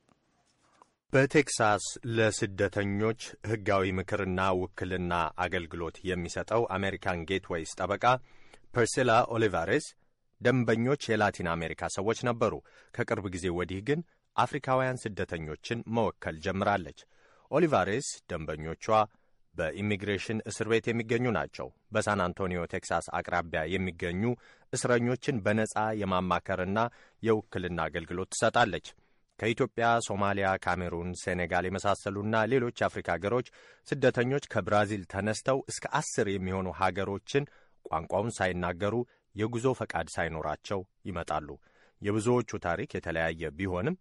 በቴክሳስ ለስደተኞች ሕጋዊ ምክርና ውክልና አገልግሎት የሚሰጠው አሜሪካን ጌትዌይስ ጠበቃ ፐርሲላ ኦሊቫሬስ ደንበኞች የላቲን አሜሪካ ሰዎች ነበሩ። ከቅርብ ጊዜ ወዲህ ግን አፍሪካውያን ስደተኞችን መወከል ጀምራለች። ኦሊቫሬስ ደንበኞቿ በኢሚግሬሽን እስር ቤት የሚገኙ ናቸው። በሳን አንቶኒዮ ቴክሳስ አቅራቢያ የሚገኙ እስረኞችን በነጻ የማማከርና የውክልና አገልግሎት ትሰጣለች። ከኢትዮጵያ፣ ሶማሊያ፣ ካሜሩን፣ ሴኔጋል የመሳሰሉና ሌሎች የአፍሪካ ሀገሮች ስደተኞች ከብራዚል ተነስተው እስከ አስር የሚሆኑ ሀገሮችን ቋንቋውን ሳይናገሩ የጉዞ ፈቃድ ሳይኖራቸው ይመጣሉ። የብዙዎቹ ታሪክ የተለያየ ቢሆንም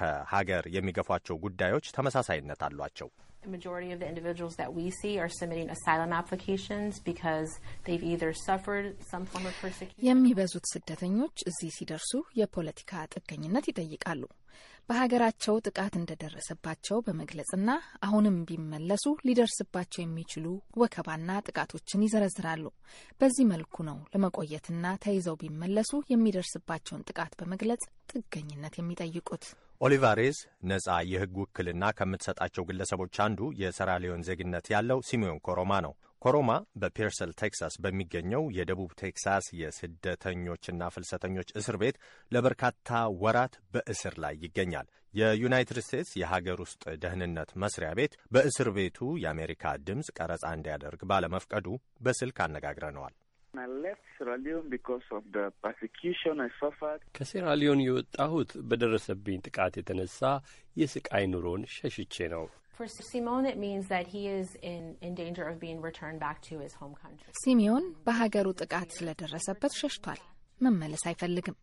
ከሀገር የሚገፏቸው ጉዳዮች ተመሳሳይነት አሏቸው። የሚበዙት ስደተኞች እዚህ ሲደርሱ የፖለቲካ ጥገኝነት ይጠይቃሉ። በሀገራቸው ጥቃት እንደደረሰባቸው በመግለጽና አሁንም ቢመለሱ ሊደርስባቸው የሚችሉ ወከባና ጥቃቶችን ይዘረዝራሉ። በዚህ መልኩ ነው ለመቆየትና ተይዘው ቢመለሱ የሚደርስባቸውን ጥቃት በመግለጽ ጥገኝነት የሚጠይቁት። ኦሊቫሬዝ ነጻ የህግ ውክልና ከምትሰጣቸው ግለሰቦች አንዱ የሰራሊዮን ዜግነት ያለው ሲሚዮን ኮሮማ ነው። ኮሮማ በፔርሰል ቴክሳስ በሚገኘው የደቡብ ቴክሳስ የስደተኞችና ፍልሰተኞች እስር ቤት ለበርካታ ወራት በእስር ላይ ይገኛል። የዩናይትድ ስቴትስ የሀገር ውስጥ ደህንነት መስሪያ ቤት በእስር ቤቱ የአሜሪካ ድምፅ ቀረጻ እንዲያደርግ ባለመፍቀዱ በስልክ አነጋግረነዋል። ከሴራሊዮን የወጣሁት በደረሰብኝ ጥቃት የተነሳ የስቃይ ኑሮን ሸሽቼ ነው። For Simon, it means that he is in, in danger of being returned back to his home country. ሲሚዮን በሀገሩ ጥቃት ስለደረሰበት ሸሽቷል። መመለስ አይፈልግም።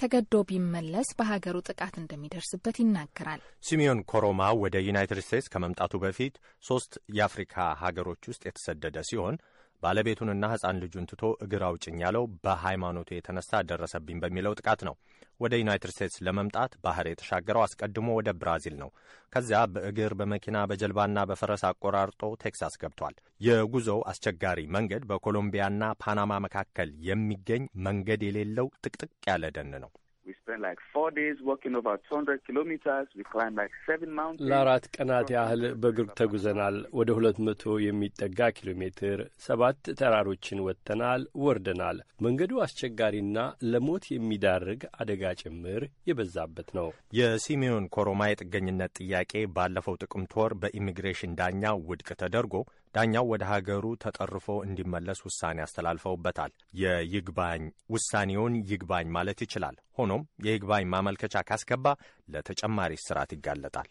ተገዶ ቢመለስ በሀገሩ ጥቃት እንደሚደርስበት ይናገራል። ሲሚዮን ኮሮማ ወደ ዩናይትድ ስቴትስ ከመምጣቱ በፊት ሶስት የአፍሪካ ሀገሮች ውስጥ የተሰደደ ሲሆን ባለቤቱንና ሕፃን ልጁን ትቶ እግር አውጭኝ ያለው በሃይማኖቱ የተነሳ ደረሰብኝ በሚለው ጥቃት ነው። ወደ ዩናይትድ ስቴትስ ለመምጣት ባህር የተሻገረው አስቀድሞ ወደ ብራዚል ነው። ከዚያ በእግር በመኪና በጀልባና በፈረስ አቆራርጦ ቴክሳስ ገብቷል። የጉዞው አስቸጋሪ መንገድ በኮሎምቢያና ፓናማ መካከል የሚገኝ መንገድ የሌለው ጥቅጥቅ ያለ ደን ነው። We spent like four days walking over 200 kilometers. We climbed like seven mountains. ለአራት ቀናት ያህል በእግር ተጉዘናል። ወደ ሁለት መቶ የሚጠጋ ኪሎ ሜትር ሰባት ተራሮችን ወጥተናል፣ ወርደናል። መንገዱ አስቸጋሪና ለሞት የሚዳርግ አደጋ ጭምር የበዛበት ነው። የሲሜዮን ኮሮማ የጥገኝነት ጥያቄ ባለፈው ጥቅምት ወር በኢሚግሬሽን ዳኛ ውድቅ ተደርጎ ዳኛው ወደ ሀገሩ ተጠርፎ እንዲመለስ ውሳኔ አስተላልፈውበታል። የይግባኝ ውሳኔውን ይግባኝ ማለት ይችላል። ሆኖም የይግባኝ ማመልከቻ ካስገባ ለተጨማሪ ስርዓት ይጋለጣል።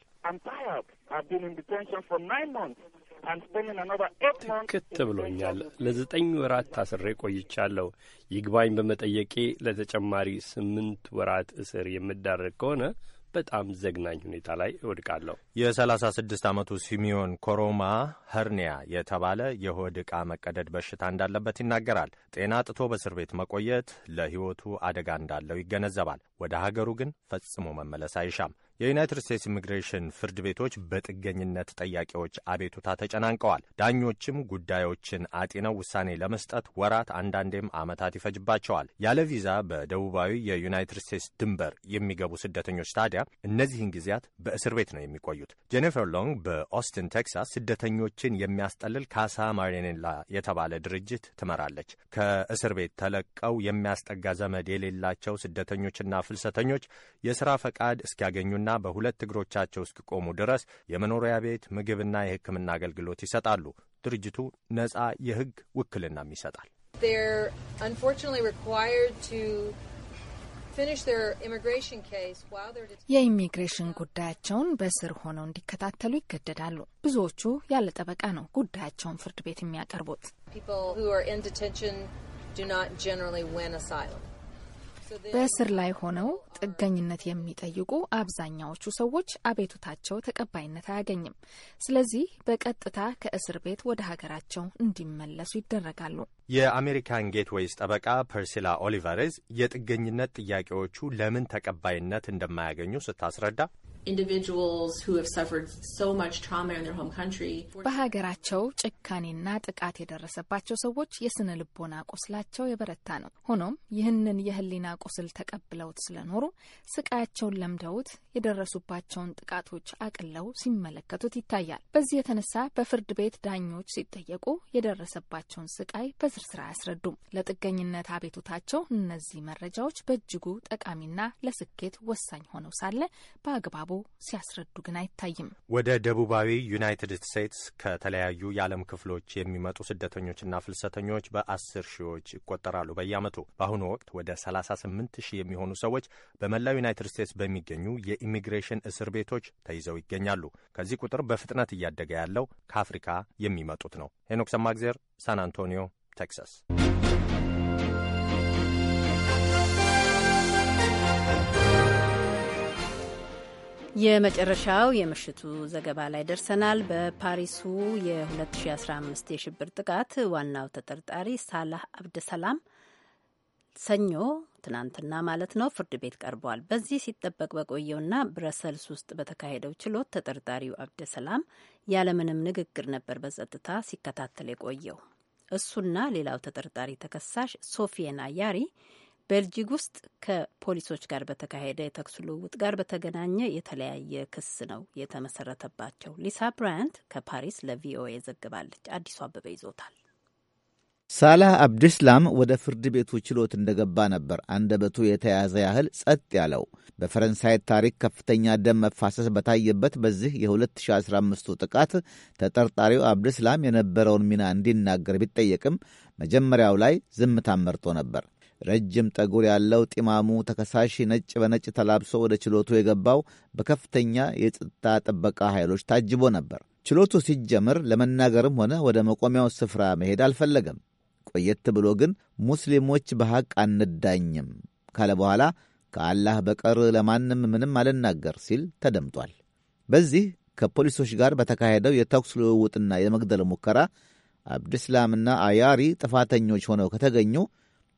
ትክት ብሎኛል። ለዘጠኝ ወራት ታስሬ ቆይቻለሁ። ይግባኝ በመጠየቄ ለተጨማሪ ስምንት ወራት እስር የምዳረግ ከሆነ በጣም ዘግናኝ ሁኔታ ላይ እወድቃለሁ። የ36 ዓመቱ ሲሚዮን ኮሮማ ኸርኒያ የተባለ የሆድ ዕቃ መቀደድ በሽታ እንዳለበት ይናገራል። ጤና ጥቶ በእስር ቤት መቆየት ለሕይወቱ አደጋ እንዳለው ይገነዘባል። ወደ ሀገሩ ግን ፈጽሞ መመለስ አይሻም። የዩናይትድ ስቴትስ ኢሚግሬሽን ፍርድ ቤቶች በጥገኝነት ጠያቂዎች አቤቱታ ተጨናንቀዋል። ዳኞችም ጉዳዮችን አጢነው ውሳኔ ለመስጠት ወራት አንዳንዴም ዓመታት ይፈጅባቸዋል። ያለ ቪዛ በደቡባዊ የዩናይትድ ስቴትስ ድንበር የሚገቡ ስደተኞች ታዲያ እነዚህን ጊዜያት በእስር ቤት ነው የሚቆዩት። ጄኒፈር ሎንግ በኦስትን ቴክሳስ ስደተኞችን የሚያስጠልል ካሳ ማሪኔላ የተባለ ድርጅት ትመራለች። ከእስር ቤት ተለቀው የሚያስጠጋ ዘመድ የሌላቸው ስደተኞችና ፍልሰተኞች የስራ ፈቃድ እስኪያገኙና እስኪችሉና በሁለት እግሮቻቸው እስኪቆሙ ድረስ የመኖሪያ ቤት ምግብና የሕክምና አገልግሎት ይሰጣሉ። ድርጅቱ ነጻ የሕግ ውክልናም ይሰጣል። የኢሚግሬሽን ጉዳያቸውን በስር ሆነው እንዲከታተሉ ይገደዳሉ። ብዙዎቹ ያለ ጠበቃ ነው ጉዳያቸውን ፍርድ ቤት የሚያቀርቡት። በእስር ላይ ሆነው ጥገኝነት የሚጠይቁ አብዛኛዎቹ ሰዎች አቤቱታቸው ተቀባይነት አያገኝም። ስለዚህ በቀጥታ ከእስር ቤት ወደ ሀገራቸው እንዲመለሱ ይደረጋሉ። የአሜሪካን ጌትዌይስ ጠበቃ ፐርሲላ ኦሊቨርዝ የጥገኝነት ጥያቄዎቹ ለምን ተቀባይነት እንደማያገኙ ስታስረዳ በሀገራቸው ጭካኔና ጥቃት የደረሰባቸው ሰዎች የስነ ልቦና ቁስላቸው የበረታ ነው። ሆኖም ይህንን የህሊና ቁስል ተቀብለውት ስለኖሩ ስቃያቸውን ለምደውት የደረሱባቸውን ጥቃቶች አቅለው ሲመለከቱት ይታያል። በዚህ የተነሳ በፍርድ ቤት ዳኞች ሲጠየቁ የደረሰባቸውን ስቃይ በዝርዝር አያስረዱም። ለጥገኝነት አቤቱታቸው እነዚህ መረጃዎች በእጅጉ ጠቃሚና ለስኬት ወሳኝ ሆነው ሳለ በአግባቡ ሲያስረዱ ግን አይታይም። ወደ ደቡባዊ ዩናይትድ ስቴትስ ከተለያዩ የዓለም ክፍሎች የሚመጡ ስደተኞችና ፍልሰተኞች በአስር ሺዎች ይቆጠራሉ በየዓመቱ። በአሁኑ ወቅት ወደ 38 ሺህ የሚሆኑ ሰዎች በመላው ዩናይትድ ስቴትስ በሚገኙ የኢሚግሬሽን እስር ቤቶች ተይዘው ይገኛሉ። ከዚህ ቁጥር በፍጥነት እያደገ ያለው ከአፍሪካ የሚመጡት ነው። ሄኖክ ሰማግዜር፣ ሳን አንቶኒዮ፣ ቴክሳስ የመጨረሻው የምሽቱ ዘገባ ላይ ደርሰናል። በፓሪሱ የ2015 የሽብር ጥቃት ዋናው ተጠርጣሪ ሳላህ አብደሰላም ሰኞ ትናንትና ማለት ነው ፍርድ ቤት ቀርበዋል። በዚህ ሲጠበቅ በቆየውና ብረሰልስ ውስጥ በተካሄደው ችሎት ተጠርጣሪው አብደሰላም ያለምንም ንግግር ነበር በጸጥታ ሲከታተል የቆየው። እሱና ሌላው ተጠርጣሪ ተከሳሽ ሶፊየና አያሪ ቤልጂግ ውስጥ ከፖሊሶች ጋር በተካሄደ የተኩስ ልውውጥ ጋር በተገናኘ የተለያየ ክስ ነው የተመሰረተባቸው። ሊሳ ብራያንት ከፓሪስ ለቪኦኤ ዘግባለች። አዲሱ አበበ ይዞታል። ሳላህ አብድስላም ወደ ፍርድ ቤቱ ችሎት እንደገባ ነበር አንደበቱ የተያዘ ያህል ጸጥ ያለው። በፈረንሳይ ታሪክ ከፍተኛ ደም መፋሰስ በታየበት በዚህ የ2015ቱ ጥቃት ተጠርጣሪው አብድስላም የነበረውን ሚና እንዲናገር ቢጠየቅም መጀመሪያው ላይ ዝምታ መርጦ ነበር። ረጅም ጠጉር ያለው ጢማሙ ተከሳሽ ነጭ በነጭ ተላብሶ ወደ ችሎቱ የገባው በከፍተኛ የጸጥታ ጥበቃ ኃይሎች ታጅቦ ነበር። ችሎቱ ሲጀምር ለመናገርም ሆነ ወደ መቆሚያው ስፍራ መሄድ አልፈለገም። ቆየት ብሎ ግን ሙስሊሞች በሐቅ አንዳኝም ካለ በኋላ ከአላህ በቀር ለማንም ምንም አልናገር ሲል ተደምጧል። በዚህ ከፖሊሶች ጋር በተካሄደው የተኩስ ልውውጥና የመግደል ሙከራ አብድስላምና አያሪ ጥፋተኞች ሆነው ከተገኙ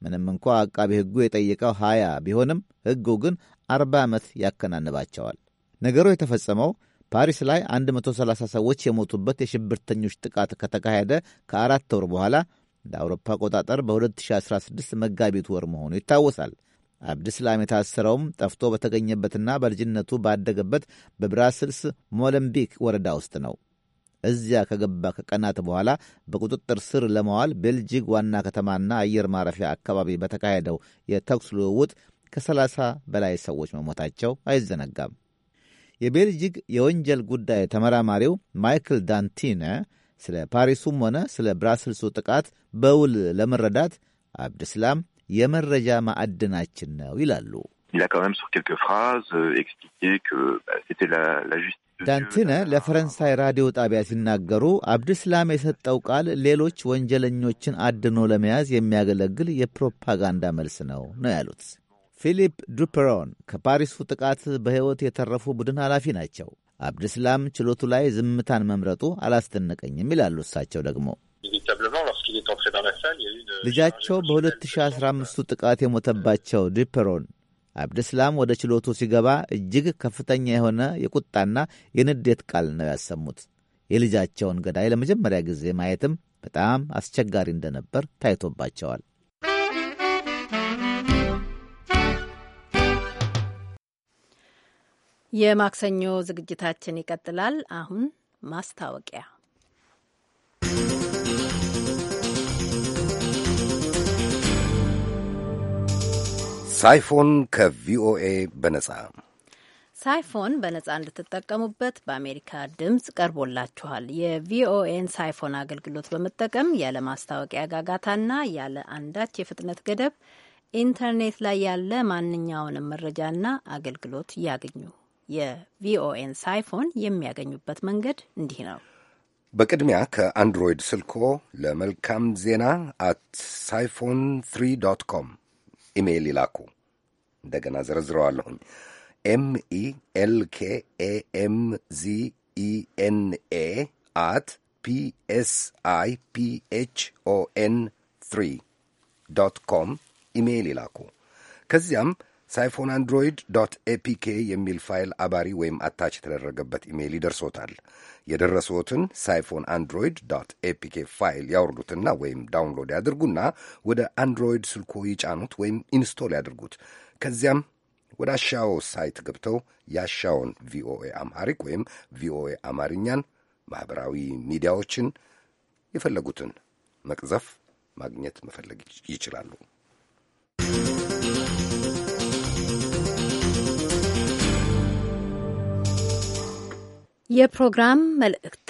ምንም እንኳ አቃቢ ሕጉ የጠየቀው ሀያ ቢሆንም ሕጉ ግን አርባ ዓመት ያከናንባቸዋል። ነገሩ የተፈጸመው ፓሪስ ላይ 130 ሰዎች የሞቱበት የሽብርተኞች ጥቃት ከተካሄደ ከአራት ወር በኋላ እንደ አውሮፓ አቆጣጠር በ2016 መጋቢት ወር መሆኑ ይታወሳል። አብድስላም የታሰረውም ጠፍቶ በተገኘበትና በልጅነቱ ባደገበት በብራስልስ ሞለምቢክ ወረዳ ውስጥ ነው። እዚያ ከገባ ከቀናት በኋላ በቁጥጥር ስር ለመዋል ቤልጂግ ዋና ከተማና አየር ማረፊያ አካባቢ በተካሄደው የተኩስ ልውውጥ 30 በላይ ሰዎች መሞታቸው አይዘነጋም። የቤልጂግ የወንጀል ጉዳይ ተመራማሪው ማይክል ዳንቲነ ስለ ፓሪሱም ሆነ ስለ ብራስልሱ ጥቃት በውል ለመረዳት አብድስላም የመረጃ ማዕድናችን ነው ይላሉ። ዳንቲነ ለፈረንሳይ ራዲዮ ጣቢያ ሲናገሩ አብድስላም የሰጠው ቃል ሌሎች ወንጀለኞችን አድኖ ለመያዝ የሚያገለግል የፕሮፓጋንዳ መልስ ነው ነው ያሉት። ፊሊፕ ዱፐሮን ከፓሪሱ ጥቃት በሕይወት የተረፉ ቡድን ኃላፊ ናቸው። አብድስላም ችሎቱ ላይ ዝምታን መምረጡ አላስደነቀኝም ይላሉ። እሳቸው ደግሞ ልጃቸው በ2015ቱ ጥቃት የሞተባቸው ዲፐሮን አብድስላም ወደ ችሎቱ ሲገባ እጅግ ከፍተኛ የሆነ የቁጣና የንዴት ቃል ነው ያሰሙት። የልጃቸውን ገዳይ ለመጀመሪያ ጊዜ ማየትም በጣም አስቸጋሪ እንደነበር ታይቶባቸዋል። የማክሰኞ ዝግጅታችን ይቀጥላል። አሁን ማስታወቂያ ሳይፎን ከቪኦኤ በነጻ ሳይፎን በነጻ እንድትጠቀሙበት በአሜሪካ ድምፅ ቀርቦላችኋል። የቪኦኤን ሳይፎን አገልግሎት በመጠቀም ያለ ማስታወቂያ ጋጋታና ያለ አንዳች የፍጥነት ገደብ ኢንተርኔት ላይ ያለ ማንኛውንም መረጃና አገልግሎት ያገኙ። የቪኦኤን ሳይፎን የሚያገኙበት መንገድ እንዲህ ነው። በቅድሚያ ከአንድሮይድ ስልኮ ለመልካም ዜና አት ሳይፎን ትሪ ዶት ኮም ኢሜይል ይላኩ። እንደገና ዘረዝረዋለሁኝ። ኤምኢ ኤልኬ ኤኤምዚ ኢኤንኤ አት ኦ ኤን ትሪ ዶት ኮም ኢሜይል ይላኩ። ከዚያም ሳይፎን አንድሮይድ ዶት ኤፒኬ የሚል ፋይል አባሪ ወይም አታች የተደረገበት ኢሜይል ይደርሶታል። የደረሰዎትን ሳይፎን አንድሮይድ ዶት ኤፒኬ ፋይል ያወርዱትና ወይም ዳውንሎድ ያድርጉና ወደ አንድሮይድ ስልኮ ይጫኑት ወይም ኢንስቶል ያድርጉት። ከዚያም ወደ አሻዎ ሳይት ገብተው ያሻውን ቪኦኤ አምሃሪክ ወይም ቪኦኤ አማርኛን፣ ማኅበራዊ ሚዲያዎችን የፈለጉትን መቅዘፍ ማግኘት መፈለግ ይችላሉ። የፕሮግራም መልእክት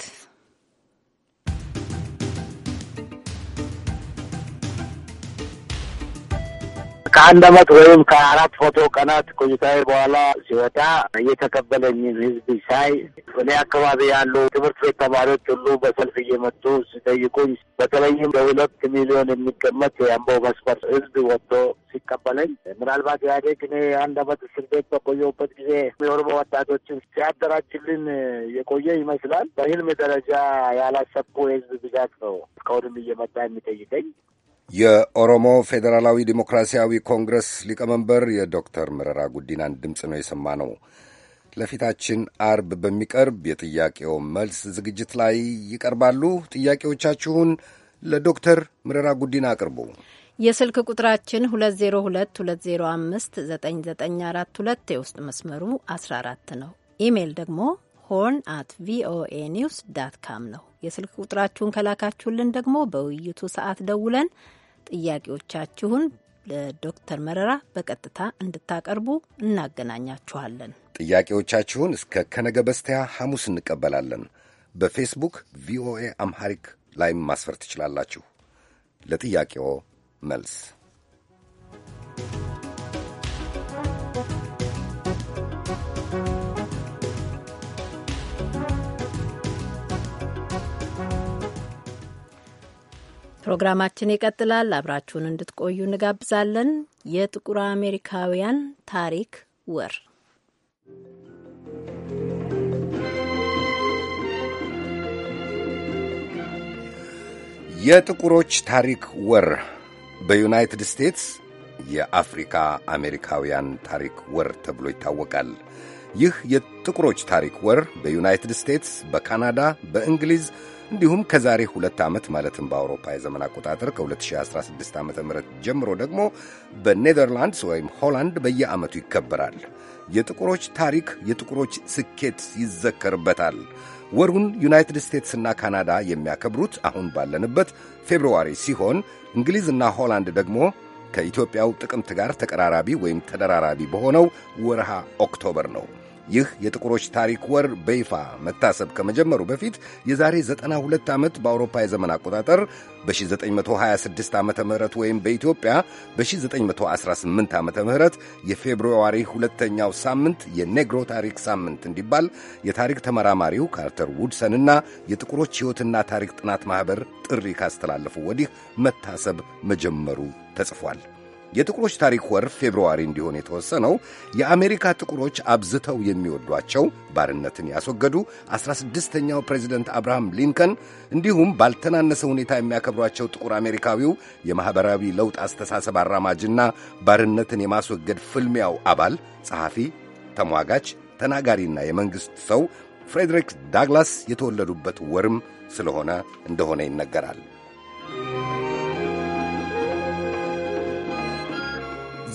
ከአንድ አመት ወይም ከአራት ፎቶ ቀናት ቆይታዊ በኋላ ሲወጣ እየተቀበለኝን ህዝብ ሳይ እኔ አካባቢ ያሉ ትምህርት ቤት ተማሪዎች ሁሉ በሰልፍ እየመጡ ሲጠይቁኝ በተለይም በሁለት ሚሊዮን የሚገመት የአምቦ መስመር ህዝብ ወጥቶ ሲቀበለኝ ምናልባት ኢህአዴግ እኔ አንድ አመት እስር ቤት በቆየሁበት ጊዜ የኦሮሞ ወጣቶችን ሲያደራጅልን የቆየ ይመስላል። በህልም ደረጃ ያላሰብኩ የህዝብ ብዛት ነው እስካሁንም እየመጣ የሚጠይቀኝ የኦሮሞ ፌዴራላዊ ዲሞክራሲያዊ ኮንግረስ ሊቀመንበር የዶክተር መረራ ጉዲናን ድምፅ ነው ነው። ለፊታችን አርብ በሚቀርብ የጥያቄው መልስ ዝግጅት ላይ ይቀርባሉ። ጥያቄዎቻችሁን ለዶክተር መረራ ጉዲና አቅርቡ። የስልክ ቁጥራችን 2022059942 የውስጥ መስመሩ 14 ነው። ኢሜይል ደግሞ ሆርን አት ቪኦኤ ኒውስ ዳት ካም ነው። የስልክ ቁጥራችሁን ከላካችሁልን ደግሞ በውይይቱ ሰዓት ደውለን ጥያቄዎቻችሁን ለዶክተር መረራ በቀጥታ እንድታቀርቡ እናገናኛችኋለን። ጥያቄዎቻችሁን እስከ ከነገ በስቲያ ሐሙስ እንቀበላለን። በፌስቡክ ቪኦኤ አምሃሪክ ላይም ማስፈር ትችላላችሁ። ለጥያቄዎ መልስ ፕሮግራማችን ይቀጥላል። አብራችሁን እንድትቆዩ እንጋብዛለን። የጥቁር አሜሪካውያን ታሪክ ወር የጥቁሮች ታሪክ ወር በዩናይትድ ስቴትስ የአፍሪካ አሜሪካውያን ታሪክ ወር ተብሎ ይታወቃል። ይህ የጥቁሮች ታሪክ ወር በዩናይትድ ስቴትስ፣ በካናዳ፣ በእንግሊዝ እንዲሁም ከዛሬ ሁለት ዓመት ማለትም በአውሮፓ የዘመን አቆጣጠር ከ2016 ዓ ም ጀምሮ ደግሞ በኔዘርላንድስ ወይም ሆላንድ በየዓመቱ ይከበራል። የጥቁሮች ታሪክ፣ የጥቁሮች ስኬት ይዘከርበታል። ወሩን ዩናይትድ ስቴትስና ካናዳ የሚያከብሩት አሁን ባለንበት ፌብርዋሪ ሲሆን እንግሊዝና ሆላንድ ደግሞ ከኢትዮጵያው ጥቅምት ጋር ተቀራራቢ ወይም ተደራራቢ በሆነው ወርሃ ኦክቶበር ነው። ይህ የጥቁሮች ታሪክ ወር በይፋ መታሰብ ከመጀመሩ በፊት የዛሬ 92 ዓመት በአውሮፓ የዘመን አቆጣጠር በ1926 ዓ ም ወይም በኢትዮጵያ በ1918 ዓ ም የፌብርዋሪ ሁለተኛው ሳምንት የኔግሮ ታሪክ ሳምንት እንዲባል የታሪክ ተመራማሪው ካርተር ውድሰንና የጥቁሮች ሕይወትና ታሪክ ጥናት ማኅበር ጥሪ ካስተላለፉ ወዲህ መታሰብ መጀመሩ ተጽፏል። የጥቁሮች ታሪክ ወር ፌብርዋሪ እንዲሆን የተወሰነው የአሜሪካ ጥቁሮች አብዝተው የሚወዷቸው ባርነትን ያስወገዱ 16ኛው ፕሬዚደንት አብርሃም ሊንከን እንዲሁም ባልተናነሰ ሁኔታ የሚያከብሯቸው ጥቁር አሜሪካዊው የማኅበራዊ ለውጥ አስተሳሰብ አራማጅና ባርነትን የማስወገድ ፍልሚያው አባል ጸሐፊ፣ ተሟጋች፣ ተናጋሪና የመንግሥት ሰው ፍሬድሪክ ዳግላስ የተወለዱበት ወርም ስለሆነ እንደሆነ ይነገራል።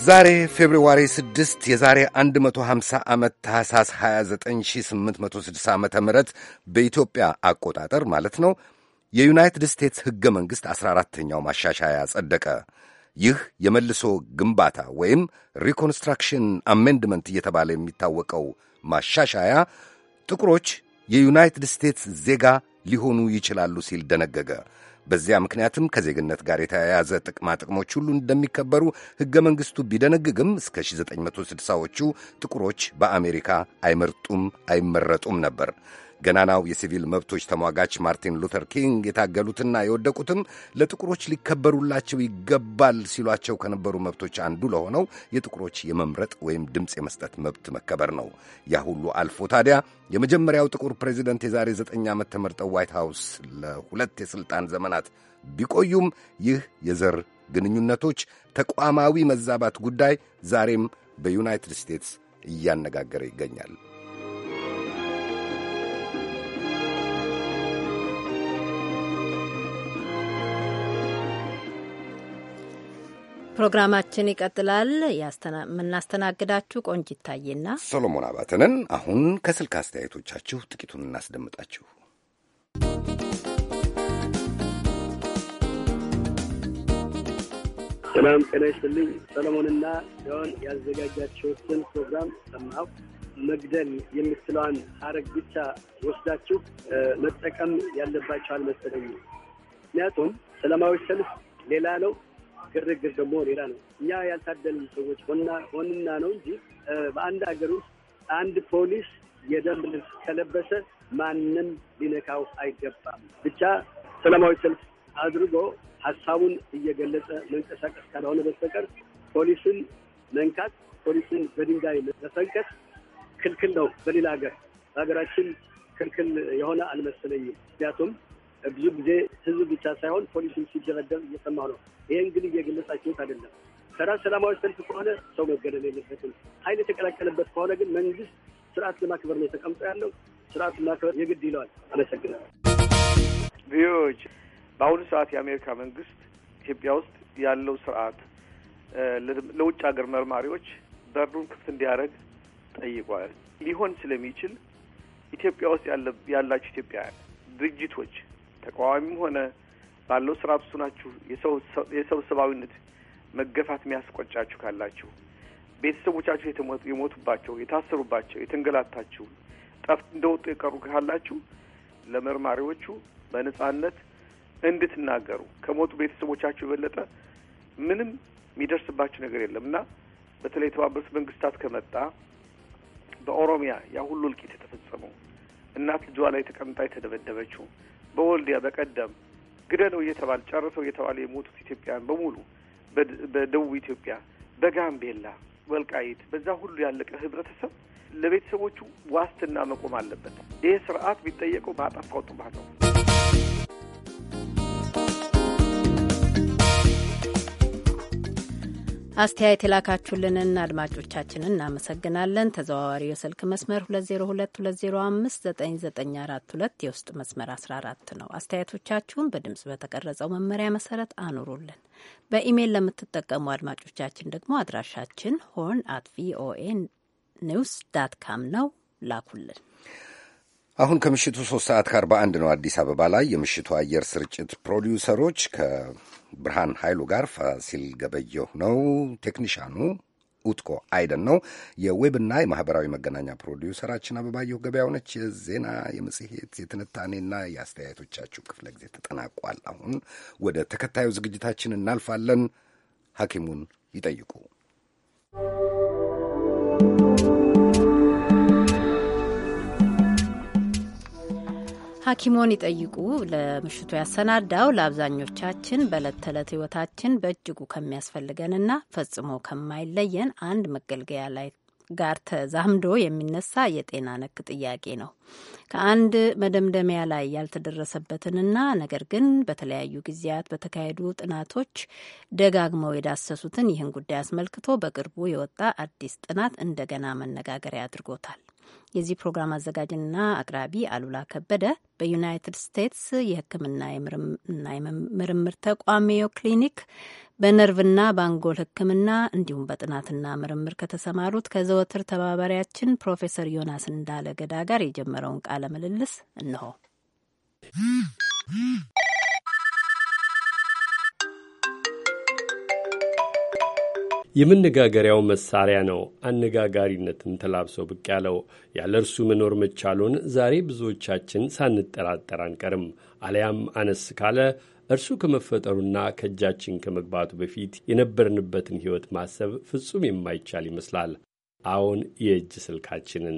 ዛሬ ፌብርዋሪ 6 የዛሬ 150 ዓመት ታህሳስ 29860 ዓ ም በኢትዮጵያ አቆጣጠር ማለት ነው የዩናይትድ ስቴትስ ሕገ መንግሥት 14ተኛው ማሻሻያ ጸደቀ። ይህ የመልሶ ግንባታ ወይም ሪኮንስትራክሽን አሜንድመንት እየተባለ የሚታወቀው ማሻሻያ ጥቁሮች የዩናይትድ ስቴትስ ዜጋ ሊሆኑ ይችላሉ ሲል ደነገገ። በዚያ ምክንያትም ከዜግነት ጋር የተያያዘ ጥቅማ ጥቅሞች ሁሉ እንደሚከበሩ ሕገ መንግሥቱ ቢደነግግም እስከ 1960ዎቹ ጥቁሮች በአሜሪካ አይመርጡም አይመረጡም ነበር። ገናናው የሲቪል መብቶች ተሟጋች ማርቲን ሉተር ኪንግ የታገሉትና የወደቁትም ለጥቁሮች ሊከበሩላቸው ይገባል ሲሏቸው ከነበሩ መብቶች አንዱ ለሆነው የጥቁሮች የመምረጥ ወይም ድምፅ የመስጠት መብት መከበር ነው። ያ ሁሉ አልፎ ታዲያ የመጀመሪያው ጥቁር ፕሬዚደንት የዛሬ ዘጠኝ ዓመት ተመርጠው ዋይት ሃውስ ለሁለት የሥልጣን ዘመናት ቢቆዩም ይህ የዘር ግንኙነቶች ተቋማዊ መዛባት ጉዳይ ዛሬም በዩናይትድ ስቴትስ እያነጋገረ ይገኛል። ፕሮግራማችን ይቀጥላል። የምናስተናግዳችሁ ቆንጅ ይታየና ሰሎሞን አባተንን። አሁን ከስልክ አስተያየቶቻችሁ ጥቂቱን እናስደምጣችሁ። ሰላም ጤና ይስጥልኝ። ሰለሞንና ሲሆን ያዘጋጃችሁትን ፕሮግራም ሰማሁ። መግደል የምትለዋን ሀረግ ብቻ ወስዳችሁ መጠቀም ያለባቸው አልመሰለኝም። ምክንያቱም ሰላማዊ ሰልፍ ሌላ ነው፣ ግርግር ደግሞ ሌላ ነው። እኛ ያልታደልን ሰዎች ሆንና ነው እንጂ በአንድ ሀገር ውስጥ አንድ ፖሊስ የደንብ ልብስ ከለበሰ ማንም ሊነካው አይገባም። ብቻ ሰላማዊ ሰልፍ አድርጎ ሀሳቡን እየገለጸ መንቀሳቀስ ካልሆነ በስተቀር ፖሊስን መንካት፣ ፖሊስን በድንጋይ መፈንከት ክልክል ነው። በሌላ ሀገር በሀገራችን ክልክል የሆነ አልመሰለኝም። ምክንያቱም ብዙ ጊዜ ህዝብ ብቻ ሳይሆን ፖሊስም ሲደበደብ እየሰማሁ ነው። ይሄ እንግዲህ የገለጻችሁት አይደለም። ሰራር ሰላማዊ ሰልፍ ከሆነ ሰው መገደል የለበትም። ኃይል የተቀላቀለበት ከሆነ ግን መንግስት ስርዓት ለማክበር ነው ተቀምጦ ያለው። ስርዓት ለማክበር የግድ ይለዋል። አመሰግናለሁ። ቪዎች በአሁኑ ሰዓት የአሜሪካ መንግስት ኢትዮጵያ ውስጥ ያለው ስርዓት ለውጭ ሀገር መርማሪዎች በሩን ክፍት እንዲያደርግ ጠይቋል። ሊሆን ስለሚችል ኢትዮጵያ ውስጥ ያላቸው ኢትዮጵያውያን ድርጅቶች ተቃዋሚም ሆነ ባለው ስራ ብሱ ናችሁ የሰው ሰብአዊነት መገፋት የሚያስቆጫችሁ ካላችሁ ቤተሰቦቻችሁ የሞቱባቸው፣ የታሰሩባቸው፣ የተንገላታችሁ ጠፍት እንደወጡ የቀሩ ካላችሁ ለመርማሪዎቹ በነጻነት እንድትናገሩ ከሞቱ ቤተሰቦቻችሁ የበለጠ ምንም የሚደርስባችሁ ነገር የለም እና በተለይ የተባበሩት መንግስታት ከመጣ በኦሮሚያ ያ ሁሉ እልቂት የተፈጸመው እናት ልጇ ላይ ተቀምጣ የተደበደበችው በወልዲያ በቀደም ግደለው እየተባል ጨርሰው እየተባለ የሞቱት ኢትዮጵያውያን በሙሉ በደቡብ ኢትዮጵያ፣ በጋምቤላ ወልቃይት፣ በዛ ሁሉ ያለቀ ህብረተሰብ ለቤተሰቦቹ ዋስትና መቆም አለበት። ይህ ስርዓት ቢጠየቀው በአጠፋው ጥፋት ነው። አስተያየት የላካችሁልንን አድማጮቻችንን እናመሰግናለን። ተዘዋዋሪ የስልክ መስመር 2022059942 የውስጥ መስመር 14 ነው። አስተያየቶቻችሁን በድምፅ በተቀረጸው መመሪያ መሰረት አኑሩልን። በኢሜይል ለምትጠቀሙ አድማጮቻችን ደግሞ አድራሻችን ሆርን አት ቪኦኤ ኒውስ ዳት ካም ነው፣ ላኩልን። አሁን ከምሽቱ 3 ሰዓት ከ41 ነው አዲስ አበባ ላይ። የምሽቱ አየር ስርጭት ፕሮዲውሰሮች ከ ብርሃን ኃይሉ ጋር ፋሲል ገበየሁ ነው። ቴክኒሻኑ ኡጥቆ አይደን ነው። የዌብና የማህበራዊ መገናኛ ፕሮዲውሰራችን አበባየሁ ገበያው ነች። የዜና የመጽሔት የትንታኔና የአስተያየቶቻችሁ ክፍለ ጊዜ ተጠናቋል። አሁን ወደ ተከታዩ ዝግጅታችን እናልፋለን። ሐኪሙን ይጠይቁ ሐኪሞን ይጠይቁ ለምሽቱ ያሰናዳው ለአብዛኞቻችን በዕለት ተዕለት ሕይወታችን በእጅጉ ከሚያስፈልገንና ፈጽሞ ከማይለየን አንድ መገልገያ ላይ ጋር ተዛምዶ የሚነሳ የጤና ነክ ጥያቄ ነው። ከአንድ መደምደሚያ ላይ ያልተደረሰበትንና ነገር ግን በተለያዩ ጊዜያት በተካሄዱ ጥናቶች ደጋግመው የዳሰሱትን ይህን ጉዳይ አስመልክቶ በቅርቡ የወጣ አዲስ ጥናት እንደገና መነጋገሪያ አድርጎታል። የዚህ ፕሮግራም አዘጋጅና አቅራቢ አሉላ ከበደ በዩናይትድ ስቴትስ የሕክምና የምርምር ተቋም ሜዮ ክሊኒክ በነርቭና በአንጎል ሕክምና እንዲሁም በጥናትና ምርምር ከተሰማሩት ከዘወትር ተባባሪያችን ፕሮፌሰር ዮናስ እንዳለገዳ ጋር የጀመረውን ቃለ ምልልስ እንሆ የመነጋገሪያው መሳሪያ ነው። አነጋጋሪነትን ተላብሶ ብቅ ያለው ያለ እርሱ መኖር መቻሉን ዛሬ ብዙዎቻችን ሳንጠራጠር አንቀርም። አሊያም አነስ ካለ እርሱ ከመፈጠሩና ከእጃችን ከመግባቱ በፊት የነበርንበትን ሕይወት ማሰብ ፍጹም የማይቻል ይመስላል። አዎን የእጅ ስልካችንን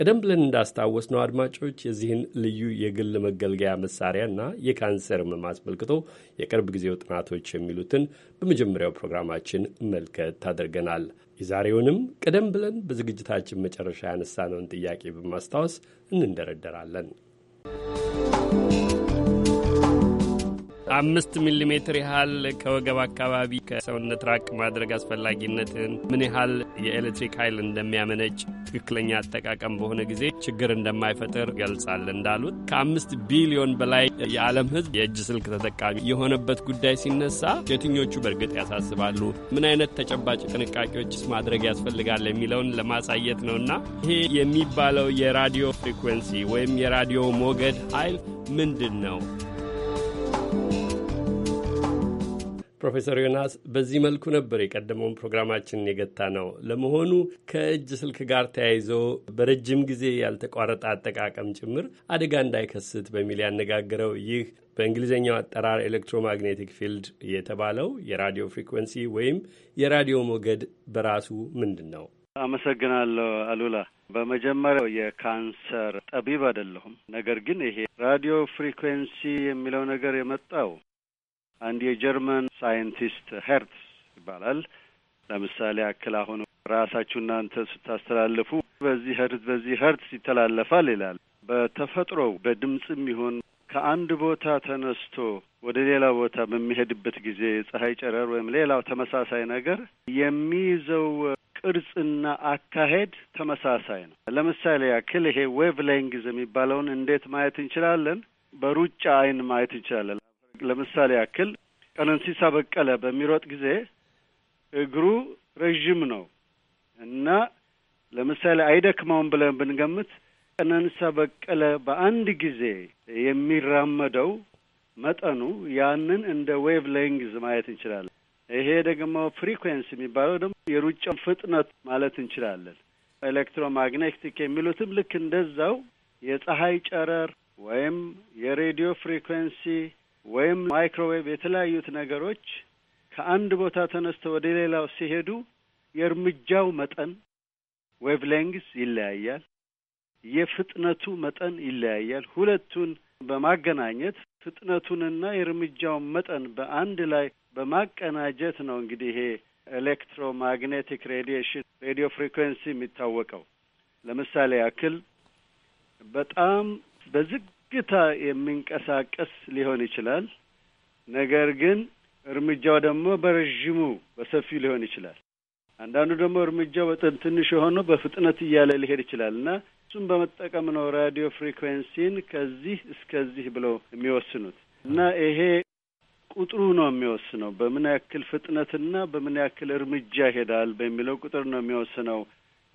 ቀደም ብለን እንዳስታወስ ነው አድማጮች የዚህን ልዩ የግል መገልገያ መሳሪያና የካንሰር ህመም አስመልክቶ የቅርብ ጊዜው ጥናቶች የሚሉትን በመጀመሪያው ፕሮግራማችን መልከት ታደርገናል። የዛሬውንም ቀደም ብለን በዝግጅታችን መጨረሻ ያነሳነውን ጥያቄ በማስታወስ እንንደረደራለን። አምስት ሚሊ ሜትር ያህል ከወገብ አካባቢ ከሰውነት ራቅ ማድረግ አስፈላጊነትን ምን ያህል የኤሌክትሪክ ኃይል እንደሚያመነጭ ትክክለኛ አጠቃቀም በሆነ ጊዜ ችግር እንደማይፈጥር ገልጻል። እንዳሉት ከአምስት ቢሊዮን በላይ የዓለም ሕዝብ የእጅ ስልክ ተጠቃሚ የሆነበት ጉዳይ ሲነሳ የትኞቹ በእርግጥ ያሳስባሉ፣ ምን አይነት ተጨባጭ ጥንቃቄዎችስ ማድረግ ያስፈልጋል የሚለውን ለማሳየት ነውና ይሄ የሚባለው የራዲዮ ፍሪኩዌንሲ ወይም የራዲዮ ሞገድ ኃይል ምንድን ነው? ፕሮፌሰር ዮናስ በዚህ መልኩ ነበር የቀደመውን ፕሮግራማችንን የገታ ነው። ለመሆኑ ከእጅ ስልክ ጋር ተያይዞ በረጅም ጊዜ ያልተቋረጠ አጠቃቀም ጭምር አደጋ እንዳይከስት በሚል ያነጋገረው ይህ በእንግሊዝኛው አጠራር ኤሌክትሮማግኔቲክ ፊልድ የተባለው የራዲዮ ፍሪኩዌንሲ ወይም የራዲዮ ሞገድ በራሱ ምንድን ነው? አመሰግናለሁ አሉላ። በመጀመሪያው የካንሰር ጠቢብ አይደለሁም። ነገር ግን ይሄ ራዲዮ ፍሪኩዌንሲ የሚለው ነገር የመጣው አንድ የጀርመን ሳይንቲስት ሄርትስ ይባላል። ለምሳሌ አክል አሁን ራሳችሁ እናንተ ስታስተላልፉ በዚህ ሄርት በዚህ ሄርትስ ይተላለፋል ይላል። በተፈጥሮው በድምፅም ይሁን ከአንድ ቦታ ተነስቶ ወደ ሌላ ቦታ በሚሄድበት ጊዜ የፀሐይ ጨረር ወይም ሌላው ተመሳሳይ ነገር የሚይዘው ቅርጽና አካሄድ ተመሳሳይ ነው። ለምሳሌ ያክል ይሄ ዌቭ ሌንግዝ የሚባለውን እንዴት ማየት እንችላለን? በሩጫ አይን ማየት እንችላለን። ለምሳሌ ያክል ቀነኒሳ በቀለ በሚሮጥ ጊዜ እግሩ ረዥም ነው እና ለምሳሌ አይደክመውም ብለን ብንገምት ቀነኒሳ በቀለ በአንድ ጊዜ የሚራመደው መጠኑ ያንን እንደ ዌቭ ሌንግዝ ማየት እንችላለን። ይሄ ደግሞ ፍሪኩዌንስ የሚባለው ደግሞ የሩጫው ፍጥነት ማለት እንችላለን። ኤሌክትሮማግኔቲክ የሚሉትም ልክ እንደዛው የፀሐይ ጨረር ወይም የሬዲዮ ፍሪኩዌንሲ ወይም ማይክሮዌቭ የተለያዩት ነገሮች ከአንድ ቦታ ተነስተው ወደ ሌላው ሲሄዱ የእርምጃው መጠን ዌቭ ሌንግስ ይለያያል፣ የፍጥነቱ መጠን ይለያያል። ሁለቱን በማገናኘት ፍጥነቱንና የእርምጃውን መጠን በአንድ ላይ በማቀናጀት ነው እንግዲህ ይሄ ኤሌክትሮማግኔቲክ ሬዲሽን ሬዲዮ ፍሪኩዌንሲ የሚታወቀው። ለምሳሌ ያክል በጣም በዝግታ የሚንቀሳቀስ ሊሆን ይችላል። ነገር ግን እርምጃው ደግሞ በረዥሙ በሰፊው ሊሆን ይችላል። አንዳንዱ ደግሞ እርምጃው በጣም ትንሽ የሆነው በፍጥነት እያለ ሊሄድ ይችላል እና እሱም በመጠቀም ነው ራዲዮ ፍሪኩዌንሲን ከዚህ እስከዚህ ብለው የሚወስኑት እና ይሄ ቁጥሩ ነው የሚወስነው። በምን ያክል ፍጥነትና በምን ያክል እርምጃ ይሄዳል በሚለው ቁጥር ነው የሚወስነው።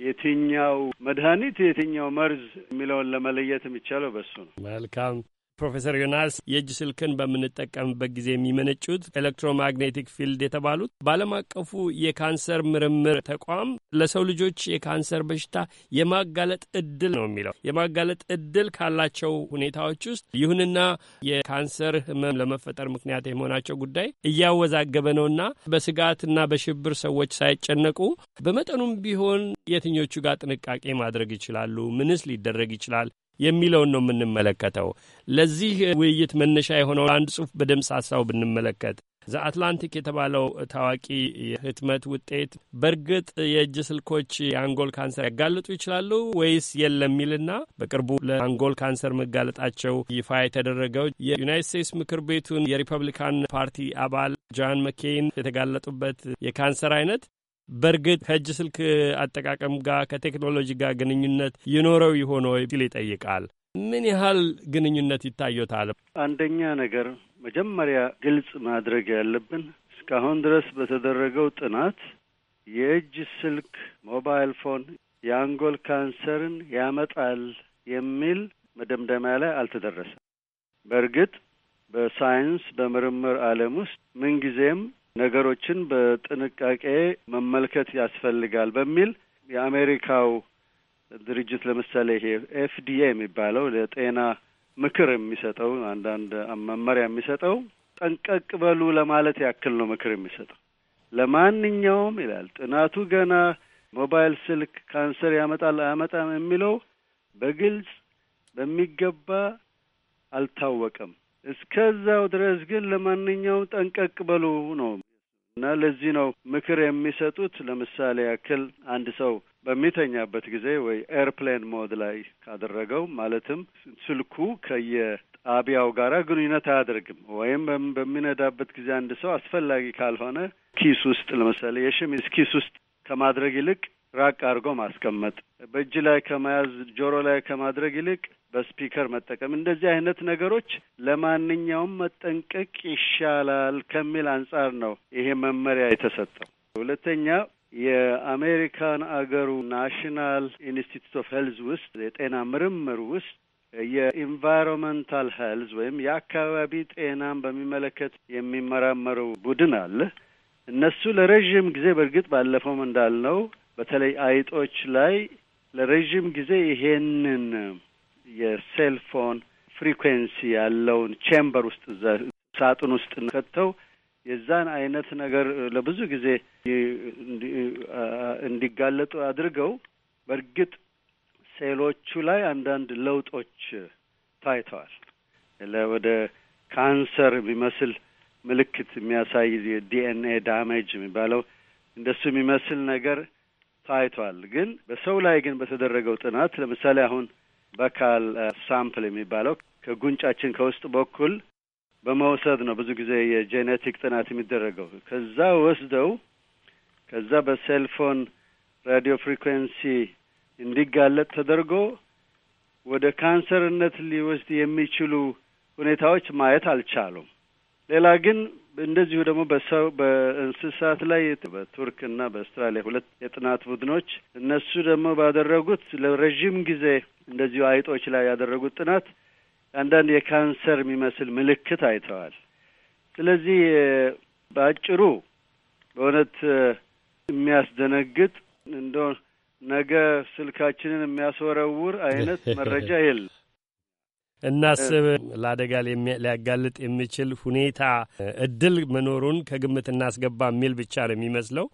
የትኛው መድኃኒት የትኛው መርዝ የሚለውን ለመለየት የሚቻለው በሱ ነው። መልካም ፕሮፌሰር ዮናስ የእጅ ስልክን በምንጠቀምበት ጊዜ የሚመነጩት ኤሌክትሮማግኔቲክ ፊልድ የተባሉት በዓለም አቀፉ የካንሰር ምርምር ተቋም ለሰው ልጆች የካንሰር በሽታ የማጋለጥ እድል ነው የሚለው የማጋለጥ እድል ካላቸው ሁኔታዎች ውስጥ ይሁንና የካንሰር ህመም ለመፈጠር ምክንያት የመሆናቸው ጉዳይ እያወዛገበ ነውና በስጋትና በሽብር ሰዎች ሳይጨነቁ በመጠኑም ቢሆን የትኞቹ ጋር ጥንቃቄ ማድረግ ይችላሉ? ምንስ ሊደረግ ይችላል? የሚለውን ነው የምንመለከተው። ለዚህ ውይይት መነሻ የሆነው አንድ ጽሑፍ በደምስ ሀሳቡ ብንመለከት ዘአትላንቲክ የተባለው ታዋቂ የህትመት ውጤት በእርግጥ የእጅ ስልኮች የአንጎል ካንሰር ያጋልጡ ይችላሉ ወይስ የለም የሚልና በቅርቡ ለአንጎል ካንሰር መጋለጣቸው ይፋ የተደረገው የዩናይት ስቴትስ ምክር ቤቱን የሪፐብሊካን ፓርቲ አባል ጃን መኬን የተጋለጡበት የካንሰር አይነት በእርግጥ ከእጅ ስልክ አጠቃቀም ጋር ከቴክኖሎጂ ጋር ግንኙነት ይኖረው ይሆን ወይ ሲል ይጠይቃል። ምን ያህል ግንኙነት ይታየታል? አንደኛ ነገር መጀመሪያ ግልጽ ማድረግ ያለብን እስካሁን ድረስ በተደረገው ጥናት የእጅ ስልክ ሞባይል ፎን የአንጎል ካንሰርን ያመጣል የሚል መደምደሚያ ላይ አልተደረሰም። በእርግጥ በሳይንስ በምርምር ዓለም ውስጥ ምንጊዜም ነገሮችን በጥንቃቄ መመልከት ያስፈልጋል በሚል የአሜሪካው ድርጅት ለምሳሌ ይሄ ኤፍዲኤ የሚባለው ለጤና ምክር የሚሰጠው አንዳንድ መመሪያ የሚሰጠው ጠንቀቅ በሉ ለማለት ያክል ነው። ምክር የሚሰጠው ለማንኛውም ይላል ጥናቱ ገና ሞባይል ስልክ ካንሰር ያመጣል አያመጣም የሚለው በግልጽ በሚገባ አልታወቀም። እስከዛው ድረስ ግን ለማንኛውም ጠንቀቅ በሉ ነው እና ለዚህ ነው ምክር የሚሰጡት። ለምሳሌ ያክል አንድ ሰው በሚተኛበት ጊዜ ወይ ኤርፕሌን ሞድ ላይ ካደረገው ማለትም ስልኩ ከየጣቢያው ጋር ግንኙነት አያደርግም። ወይም በሚነዳበት ጊዜ አንድ ሰው አስፈላጊ ካልሆነ ኪስ ውስጥ ለምሳሌ የሸሚዝ ኪስ ውስጥ ከማድረግ ይልቅ ራቅ አድርጎ ማስቀመጥ፣ በእጅ ላይ ከመያዝ ጆሮ ላይ ከማድረግ ይልቅ በስፒከር መጠቀም፣ እንደዚህ አይነት ነገሮች ለማንኛውም መጠንቀቅ ይሻላል ከሚል አንጻር ነው ይሄ መመሪያ የተሰጠው። ሁለተኛ የአሜሪካን አገሩ ናሽናል ኢንስቲትዩት ኦፍ ሄልዝ ውስጥ የጤና ምርምር ውስጥ የኢንቫይሮንመንታል ሄልዝ ወይም የአካባቢ ጤናን በሚመለከት የሚመራመረው ቡድን አለ። እነሱ ለረዥም ጊዜ በእርግጥ ባለፈውም እንዳልነው በተለይ አይጦች ላይ ለረዥም ጊዜ ይሄንን የሴልፎን ፍሪኩዌንሲ ያለውን ቼምበር ውስጥ እዛ ሳጥን ውስጥ ከተው የዛን አይነት ነገር ለብዙ ጊዜ እንዲጋለጡ አድርገው በእርግጥ ሴሎቹ ላይ አንዳንድ ለውጦች ታይተዋል። ወደ ካንሰር የሚመስል ምልክት የሚያሳይ ዲኤንኤ ዳሜጅ የሚባለው እንደሱ የሚመስል ነገር ታይቷል። ግን በሰው ላይ ግን በተደረገው ጥናት ለምሳሌ አሁን በካል ሳምፕል የሚባለው ከጉንጫችን ከውስጥ በኩል በመውሰድ ነው ብዙ ጊዜ የጄኔቲክ ጥናት የሚደረገው። ከዛ ወስደው ከዛ በሴልፎን ራዲዮ ፍሪኩዌንሲ እንዲጋለጥ ተደርጎ ወደ ካንሰርነት ሊወስድ የሚችሉ ሁኔታዎች ማየት አልቻሉም። ሌላ ግን እንደዚሁ ደግሞ በሰው በእንስሳት ላይ በቱርክ እና በአውስትራሊያ ሁለት የጥናት ቡድኖች እነሱ ደግሞ ባደረጉት ለረዥም ጊዜ እንደዚሁ አይጦች ላይ ያደረጉት ጥናት አንዳንድ የካንሰር የሚመስል ምልክት አይተዋል። ስለዚህ በአጭሩ በእውነት የሚያስደነግጥ እንደ ነገ ስልካችንን የሚያስወረውር አይነት መረጃ የለም። እናስብ ለአደጋ ሊያጋልጥ የሚችል ሁኔታ እድል መኖሩን ከግምት እናስገባ የሚል ብቻ ነው የሚመስለው።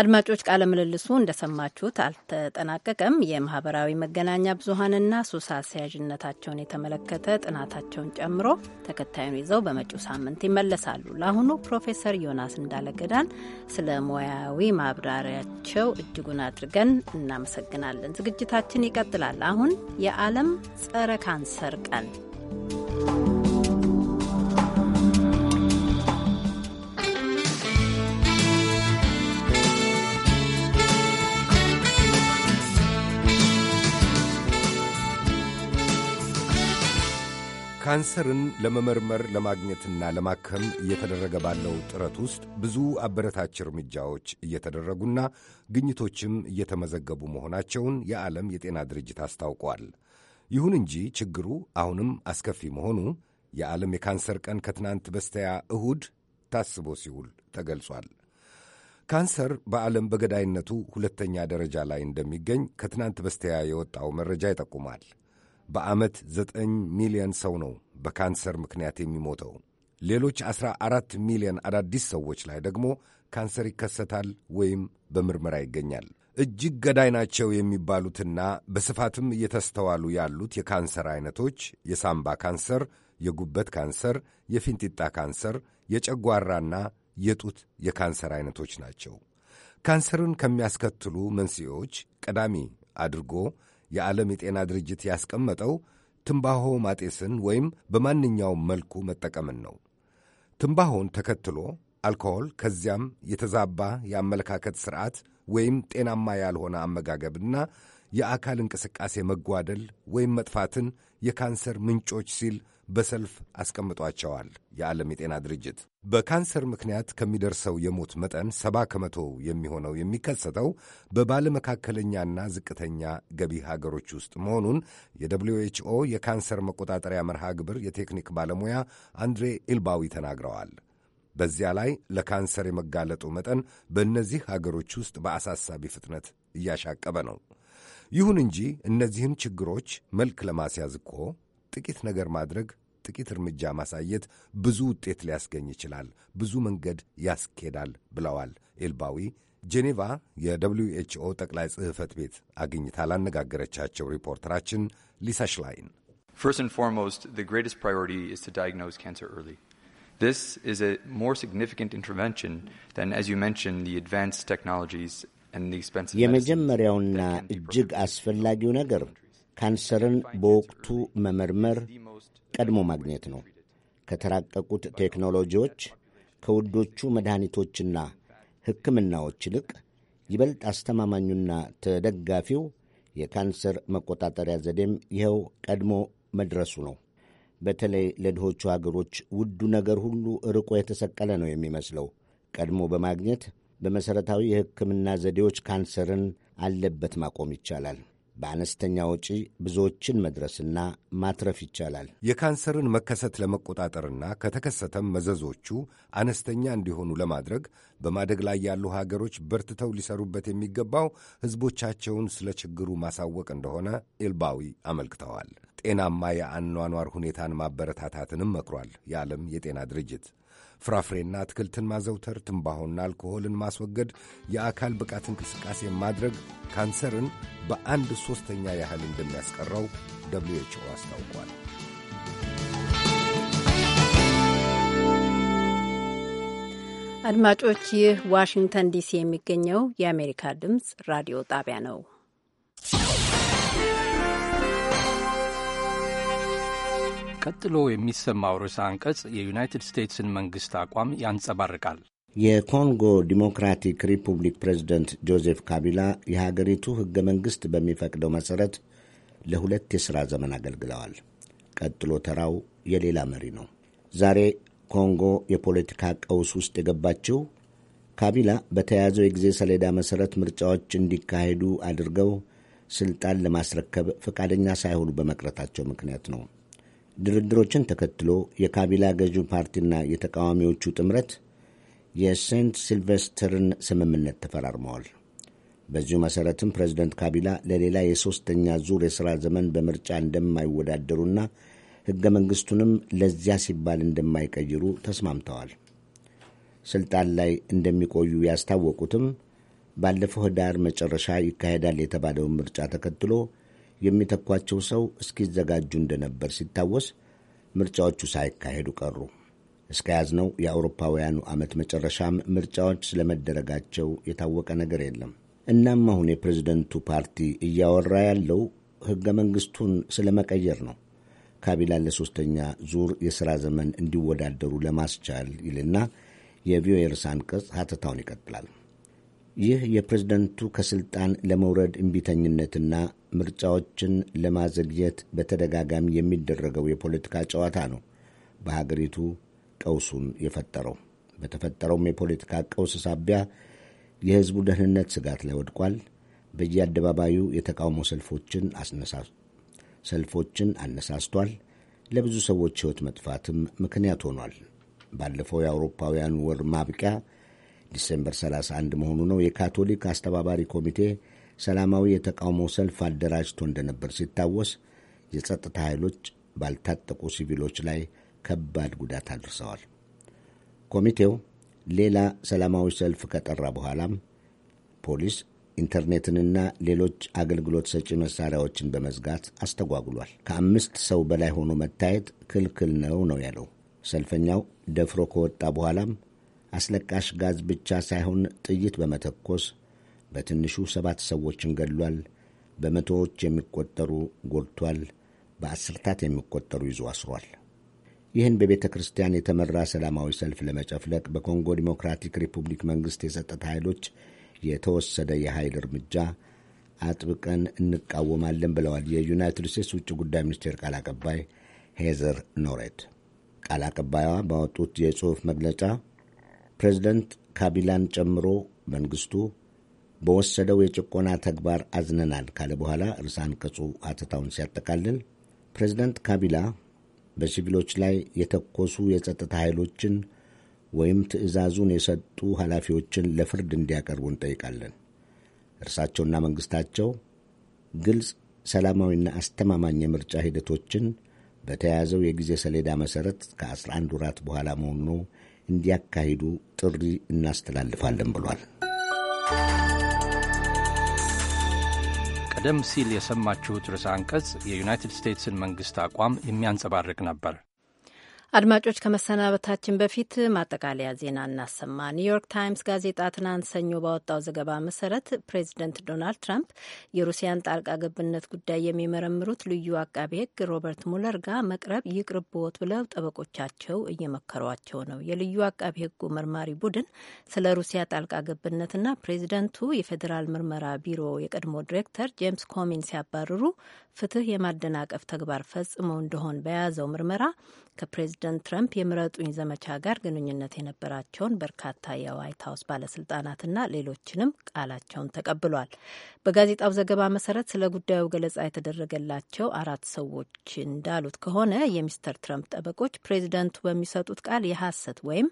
አድማጮች ቃለ ምልልሱ እንደሰማችሁት አልተጠናቀቀም። የማህበራዊ መገናኛ ብዙሀንና ሱስ አስያዥነታቸውን የተመለከተ ጥናታቸውን ጨምሮ ተከታዩን ይዘው በመጪው ሳምንት ይመለሳሉ። ለአሁኑ ፕሮፌሰር ዮናስ እንዳለገዳን ስለ ሙያዊ ማብራሪያቸው እጅጉን አድርገን እናመሰግናለን። ዝግጅታችን ይቀጥላል። አሁን የዓለም ጸረ ካንሰር ቀን ካንሰርን ለመመርመር ለማግኘትና ለማከም እየተደረገ ባለው ጥረት ውስጥ ብዙ አበረታች እርምጃዎች እየተደረጉና ግኝቶችም እየተመዘገቡ መሆናቸውን የዓለም የጤና ድርጅት አስታውቋል። ይሁን እንጂ ችግሩ አሁንም አስከፊ መሆኑ የዓለም የካንሰር ቀን ከትናንት በስተያ እሁድ ታስቦ ሲውል ተገልጿል። ካንሰር በዓለም በገዳይነቱ ሁለተኛ ደረጃ ላይ እንደሚገኝ ከትናንት በስተያ የወጣው መረጃ ይጠቁማል። በዓመት ዘጠኝ ሚሊዮን ሰው ነው በካንሰር ምክንያት የሚሞተው። ሌሎች 14 ሚሊዮን አዳዲስ ሰዎች ላይ ደግሞ ካንሰር ይከሰታል ወይም በምርመራ ይገኛል። እጅግ ገዳይ ናቸው የሚባሉትና በስፋትም እየተስተዋሉ ያሉት የካንሰር አይነቶች የሳምባ ካንሰር፣ የጉበት ካንሰር፣ የፊንጢጣ ካንሰር፣ የጨጓራና የጡት የካንሰር አይነቶች ናቸው። ካንሰርን ከሚያስከትሉ መንስኤዎች ቀዳሚ አድርጎ የዓለም የጤና ድርጅት ያስቀመጠው ትንባሆ ማጤስን ወይም በማንኛውም መልኩ መጠቀምን ነው። ትንባሆን ተከትሎ አልኮሆል፣ ከዚያም የተዛባ የአመለካከት ስርዓት ወይም ጤናማ ያልሆነ አመጋገብና የአካል እንቅስቃሴ መጓደል ወይም መጥፋትን የካንሰር ምንጮች ሲል በሰልፍ አስቀምጧቸዋል። የዓለም የጤና ድርጅት በካንሰር ምክንያት ከሚደርሰው የሞት መጠን ሰባ ከመቶ የሚሆነው የሚከሰተው በባለመካከለኛና ዝቅተኛ ገቢ ሀገሮች ውስጥ መሆኑን የደብሊው ኤችኦ የካንሰር መቆጣጠሪያ መርሃ ግብር የቴክኒክ ባለሙያ አንድሬ ኢልባዊ ተናግረዋል። በዚያ ላይ ለካንሰር የመጋለጡ መጠን በእነዚህ ሀገሮች ውስጥ በአሳሳቢ ፍጥነት እያሻቀበ ነው። ይሁን እንጂ እነዚህን ችግሮች መልክ ለማስያዝ እኮ ጥቂት ነገር ማድረግ፣ ጥቂት እርምጃ ማሳየት ብዙ ውጤት ሊያስገኝ ይችላል፣ ብዙ መንገድ ያስኬዳል ብለዋል ኤልባዊ። ጄኔቫ የደብሊዩ ኤችኦ ጠቅላይ ጽሕፈት ቤት አግኝታ ላነጋገረቻቸው ሪፖርተራችን ሊሳ ሽላይን የመጀመሪያውና እጅግ አስፈላጊው ነገር ካንሰርን በወቅቱ መመርመር ቀድሞ ማግኘት ነው። ከተራቀቁት ቴክኖሎጂዎች ከውዶቹ መድኃኒቶችና ሕክምናዎች ይልቅ ይበልጥ አስተማማኙና ተደጋፊው የካንሰር መቆጣጠሪያ ዘዴም ይኸው ቀድሞ መድረሱ ነው። በተለይ ለድሆቹ አገሮች ውዱ ነገር ሁሉ ርቆ የተሰቀለ ነው የሚመስለው። ቀድሞ በማግኘት በመሠረታዊ የሕክምና ዘዴዎች ካንሰርን አለበት ማቆም ይቻላል። በአነስተኛ ወጪ ብዙዎችን መድረስና ማትረፍ ይቻላል። የካንሰርን መከሰት ለመቆጣጠርና ከተከሰተም መዘዞቹ አነስተኛ እንዲሆኑ ለማድረግ በማደግ ላይ ያሉ ሀገሮች በርትተው ሊሰሩበት የሚገባው ሕዝቦቻቸውን ስለ ችግሩ ማሳወቅ እንደሆነ ኤልባዊ አመልክተዋል። ጤናማ የአኗኗር ሁኔታን ማበረታታትንም መክሯል የዓለም የጤና ድርጅት። ፍራፍሬና አትክልትን ማዘውተር፣ ትንባሆና አልኮሆልን ማስወገድ፣ የአካል ብቃት እንቅስቃሴ ማድረግ ካንሰርን በአንድ ሦስተኛ ያህል እንደሚያስቀረው ደብልዩ ኤች ኦ አስታውቋል። አድማጮች፣ ይህ ዋሽንግተን ዲሲ የሚገኘው የአሜሪካ ድምፅ ራዲዮ ጣቢያ ነው። ቀጥሎ የሚሰማው ርዕሰ አንቀጽ የዩናይትድ ስቴትስን መንግሥት አቋም ያንጸባርቃል። የኮንጎ ዲሞክራቲክ ሪፑብሊክ ፕሬዝደንት ጆዜፍ ካቢላ የሀገሪቱ ሕገ መንግሥት በሚፈቅደው መሠረት ለሁለት የሥራ ዘመን አገልግለዋል። ቀጥሎ ተራው የሌላ መሪ ነው። ዛሬ ኮንጎ የፖለቲካ ቀውስ ውስጥ የገባችው ካቢላ በተያያዘው የጊዜ ሰሌዳ መሠረት ምርጫዎች እንዲካሄዱ አድርገው ስልጣን ለማስረከብ ፈቃደኛ ሳይሆኑ በመቅረታቸው ምክንያት ነው። ድርድሮችን ተከትሎ የካቢላ ገዢው ፓርቲና የተቃዋሚዎቹ ጥምረት የሴንት ሲልቨስተርን ስምምነት ተፈራርመዋል። በዚሁ መሠረትም ፕሬዚደንት ካቢላ ለሌላ የሦስተኛ ዙር የሥራ ዘመን በምርጫ እንደማይወዳደሩና ሕገ መንግሥቱንም ለዚያ ሲባል እንደማይቀይሩ ተስማምተዋል። ሥልጣን ላይ እንደሚቆዩ ያስታወቁትም ባለፈው ኅዳር መጨረሻ ይካሄዳል የተባለውን ምርጫ ተከትሎ የሚተኳቸው ሰው እስኪዘጋጁ እንደነበር ሲታወስ ምርጫዎቹ ሳይካሄዱ ቀሩ። ነው የአውሮፓውያኑ ዓመት መጨረሻም ምርጫዎች ስለመደረጋቸው የታወቀ ነገር የለም። እናም አሁን የፕሬዝደንቱ ፓርቲ እያወራ ያለው ሕገ መንግሥቱን ስለ መቀየር ነው። ካቢላ ለሦስተኛ ዙር የሥራ ዘመን እንዲወዳደሩ ለማስቻል ይልና የቪዮኤ ርዕሰ አንቀጽ ሀተታውን ይቀጥላል። ይህ የፕሬዝደንቱ ከስልጣን ለመውረድ እምቢተኝነትና ምርጫዎችን ለማዘግየት በተደጋጋሚ የሚደረገው የፖለቲካ ጨዋታ ነው በሀገሪቱ ቀውሱን የፈጠረው። በተፈጠረውም የፖለቲካ ቀውስ ሳቢያ የሕዝቡ ደህንነት ስጋት ላይ ወድቋል። በየአደባባዩ የተቃውሞ ሰልፎችን ሰልፎችን አነሳስቷል። ለብዙ ሰዎች ሕይወት መጥፋትም ምክንያት ሆኗል። ባለፈው የአውሮፓውያን ወር ማብቂያ ዲሴምበር 31 መሆኑ ነው የካቶሊክ አስተባባሪ ኮሚቴ ሰላማዊ የተቃውሞ ሰልፍ አደራጅቶ እንደነበር ሲታወስ የጸጥታ ኃይሎች ባልታጠቁ ሲቪሎች ላይ ከባድ ጉዳት አድርሰዋል። ኮሚቴው ሌላ ሰላማዊ ሰልፍ ከጠራ በኋላም ፖሊስ ኢንተርኔትንና ሌሎች አገልግሎት ሰጪ መሳሪያዎችን በመዝጋት አስተጓጉሏል። ከአምስት ሰው በላይ ሆኖ መታየት ክልክል ነው ነው ያለው። ሰልፈኛው ደፍሮ ከወጣ በኋላም አስለቃሽ ጋዝ ብቻ ሳይሆን ጥይት በመተኮስ በትንሹ ሰባት ሰዎችን ገድሏል። በመቶዎች የሚቆጠሩ ጎድቷል። በአስርታት የሚቆጠሩ ይዞ አስሯል። ይህን በቤተ ክርስቲያን የተመራ ሰላማዊ ሰልፍ ለመጨፍለቅ በኮንጎ ዲሞክራቲክ ሪፑብሊክ መንግሥት የጸጥታ ኃይሎች የተወሰደ የኃይል እርምጃ አጥብቀን እንቃወማለን ብለዋል የዩናይትድ ስቴትስ ውጭ ጉዳይ ሚኒስቴር ቃል አቀባይ ሄዘር ኖሬድ። ቃል አቀባይዋ ባወጡት የጽሑፍ መግለጫ ፕሬዝደንት ካቢላን ጨምሮ መንግስቱ በወሰደው የጭቆና ተግባር አዝነናል ካለ በኋላ ርዕሰ አንቀጹ አተታውን ሲያጠቃልል ፕሬዝደንት ካቢላ በሲቪሎች ላይ የተኮሱ የጸጥታ ኃይሎችን ወይም ትዕዛዙን የሰጡ ኃላፊዎችን ለፍርድ እንዲያቀርቡ እንጠይቃለን። እርሳቸውና መንግሥታቸው ግልጽ፣ ሰላማዊና አስተማማኝ የምርጫ ሂደቶችን በተያያዘው የጊዜ ሰሌዳ መሠረት ከ11 ወራት በኋላ መሆኑ እንዲያካሂዱ ጥሪ እናስተላልፋለን ብሏል። ቀደም ሲል የሰማችሁት ርዕሰ አንቀጽ የዩናይትድ ስቴትስን መንግሥት አቋም የሚያንጸባርቅ ነበር። አድማጮች ከመሰናበታችን በፊት ማጠቃለያ ዜና እናሰማ። ኒውዮርክ ታይምስ ጋዜጣ ትናንት ሰኞ ባወጣው ዘገባ መሰረት ፕሬዚደንት ዶናልድ ትራምፕ የሩሲያን ጣልቃ ገብነት ጉዳይ የሚመረምሩት ልዩ አቃቤ ሕግ ሮበርት ሙለር ጋር መቅረብ ይቅርብዎት ብለው ጠበቆቻቸው እየመከሯቸው ነው። የልዩ አቃቤ ሕጉ መርማሪ ቡድን ስለ ሩሲያ ጣልቃ ገብነትና ፕሬዚደንቱ የፌዴራል ምርመራ ቢሮ የቀድሞ ዲሬክተር ጄምስ ኮሚን ሲያባርሩ ፍትህ የማደናቀፍ ተግባር ፈጽሞ እንደሆን በያዘው ምርመራ ከፕሬዝደንት ትረምፕ የምረጡኝ ዘመቻ ጋር ግንኙነት የነበራቸውን በርካታ የዋይት ሀውስ ባለስልጣናትና ሌሎችንም ቃላቸውን ተቀብሏል። በጋዜጣው ዘገባ መሰረት ስለ ጉዳዩ ገለጻ የተደረገላቸው አራት ሰዎች እንዳሉት ከሆነ የሚስተር ትረምፕ ጠበቆች ፕሬዚደንቱ በሚሰጡት ቃል የሐሰት ወይም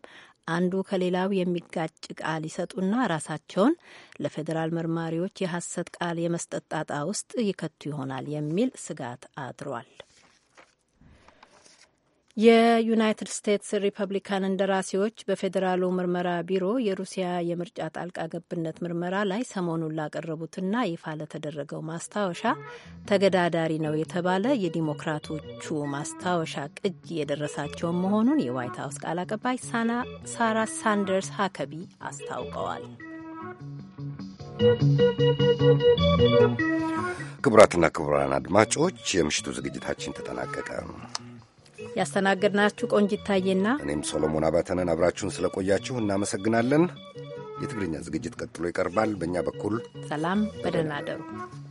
አንዱ ከሌላው የሚጋጭ ቃል ይሰጡና ራሳቸውን ለፌዴራል መርማሪዎች የሐሰት ቃል የመስጠት ጣጣ ውስጥ ይከቱ ይሆናል የሚል ስጋት አድሯል። የዩናይትድ ስቴትስ ሪፐብሊካን እንደራሴዎች በፌዴራሉ ምርመራ ቢሮ የሩሲያ የምርጫ ጣልቃ ገብነት ምርመራ ላይ ሰሞኑን ላቀረቡትና ይፋ ለተደረገው ማስታወሻ ተገዳዳሪ ነው የተባለ የዲሞክራቶቹ ማስታወሻ ቅጅ የደረሳቸውን መሆኑን የዋይት ሀውስ ቃል አቀባይ ሳራ ሳንደርስ ሀከቢ አስታውቀዋል። ክቡራትና ክቡራን አድማጮች የምሽቱ ዝግጅታችን ተጠናቀቀ። ያስተናገድናችሁ ቆንጂት ታዬና እኔም ሶሎሞን አባተነን። አብራችሁን ስለቆያችሁ እናመሰግናለን። የትግርኛ ዝግጅት ቀጥሎ ይቀርባል። በእኛ በኩል ሰላም፣ በደህና አደሩ።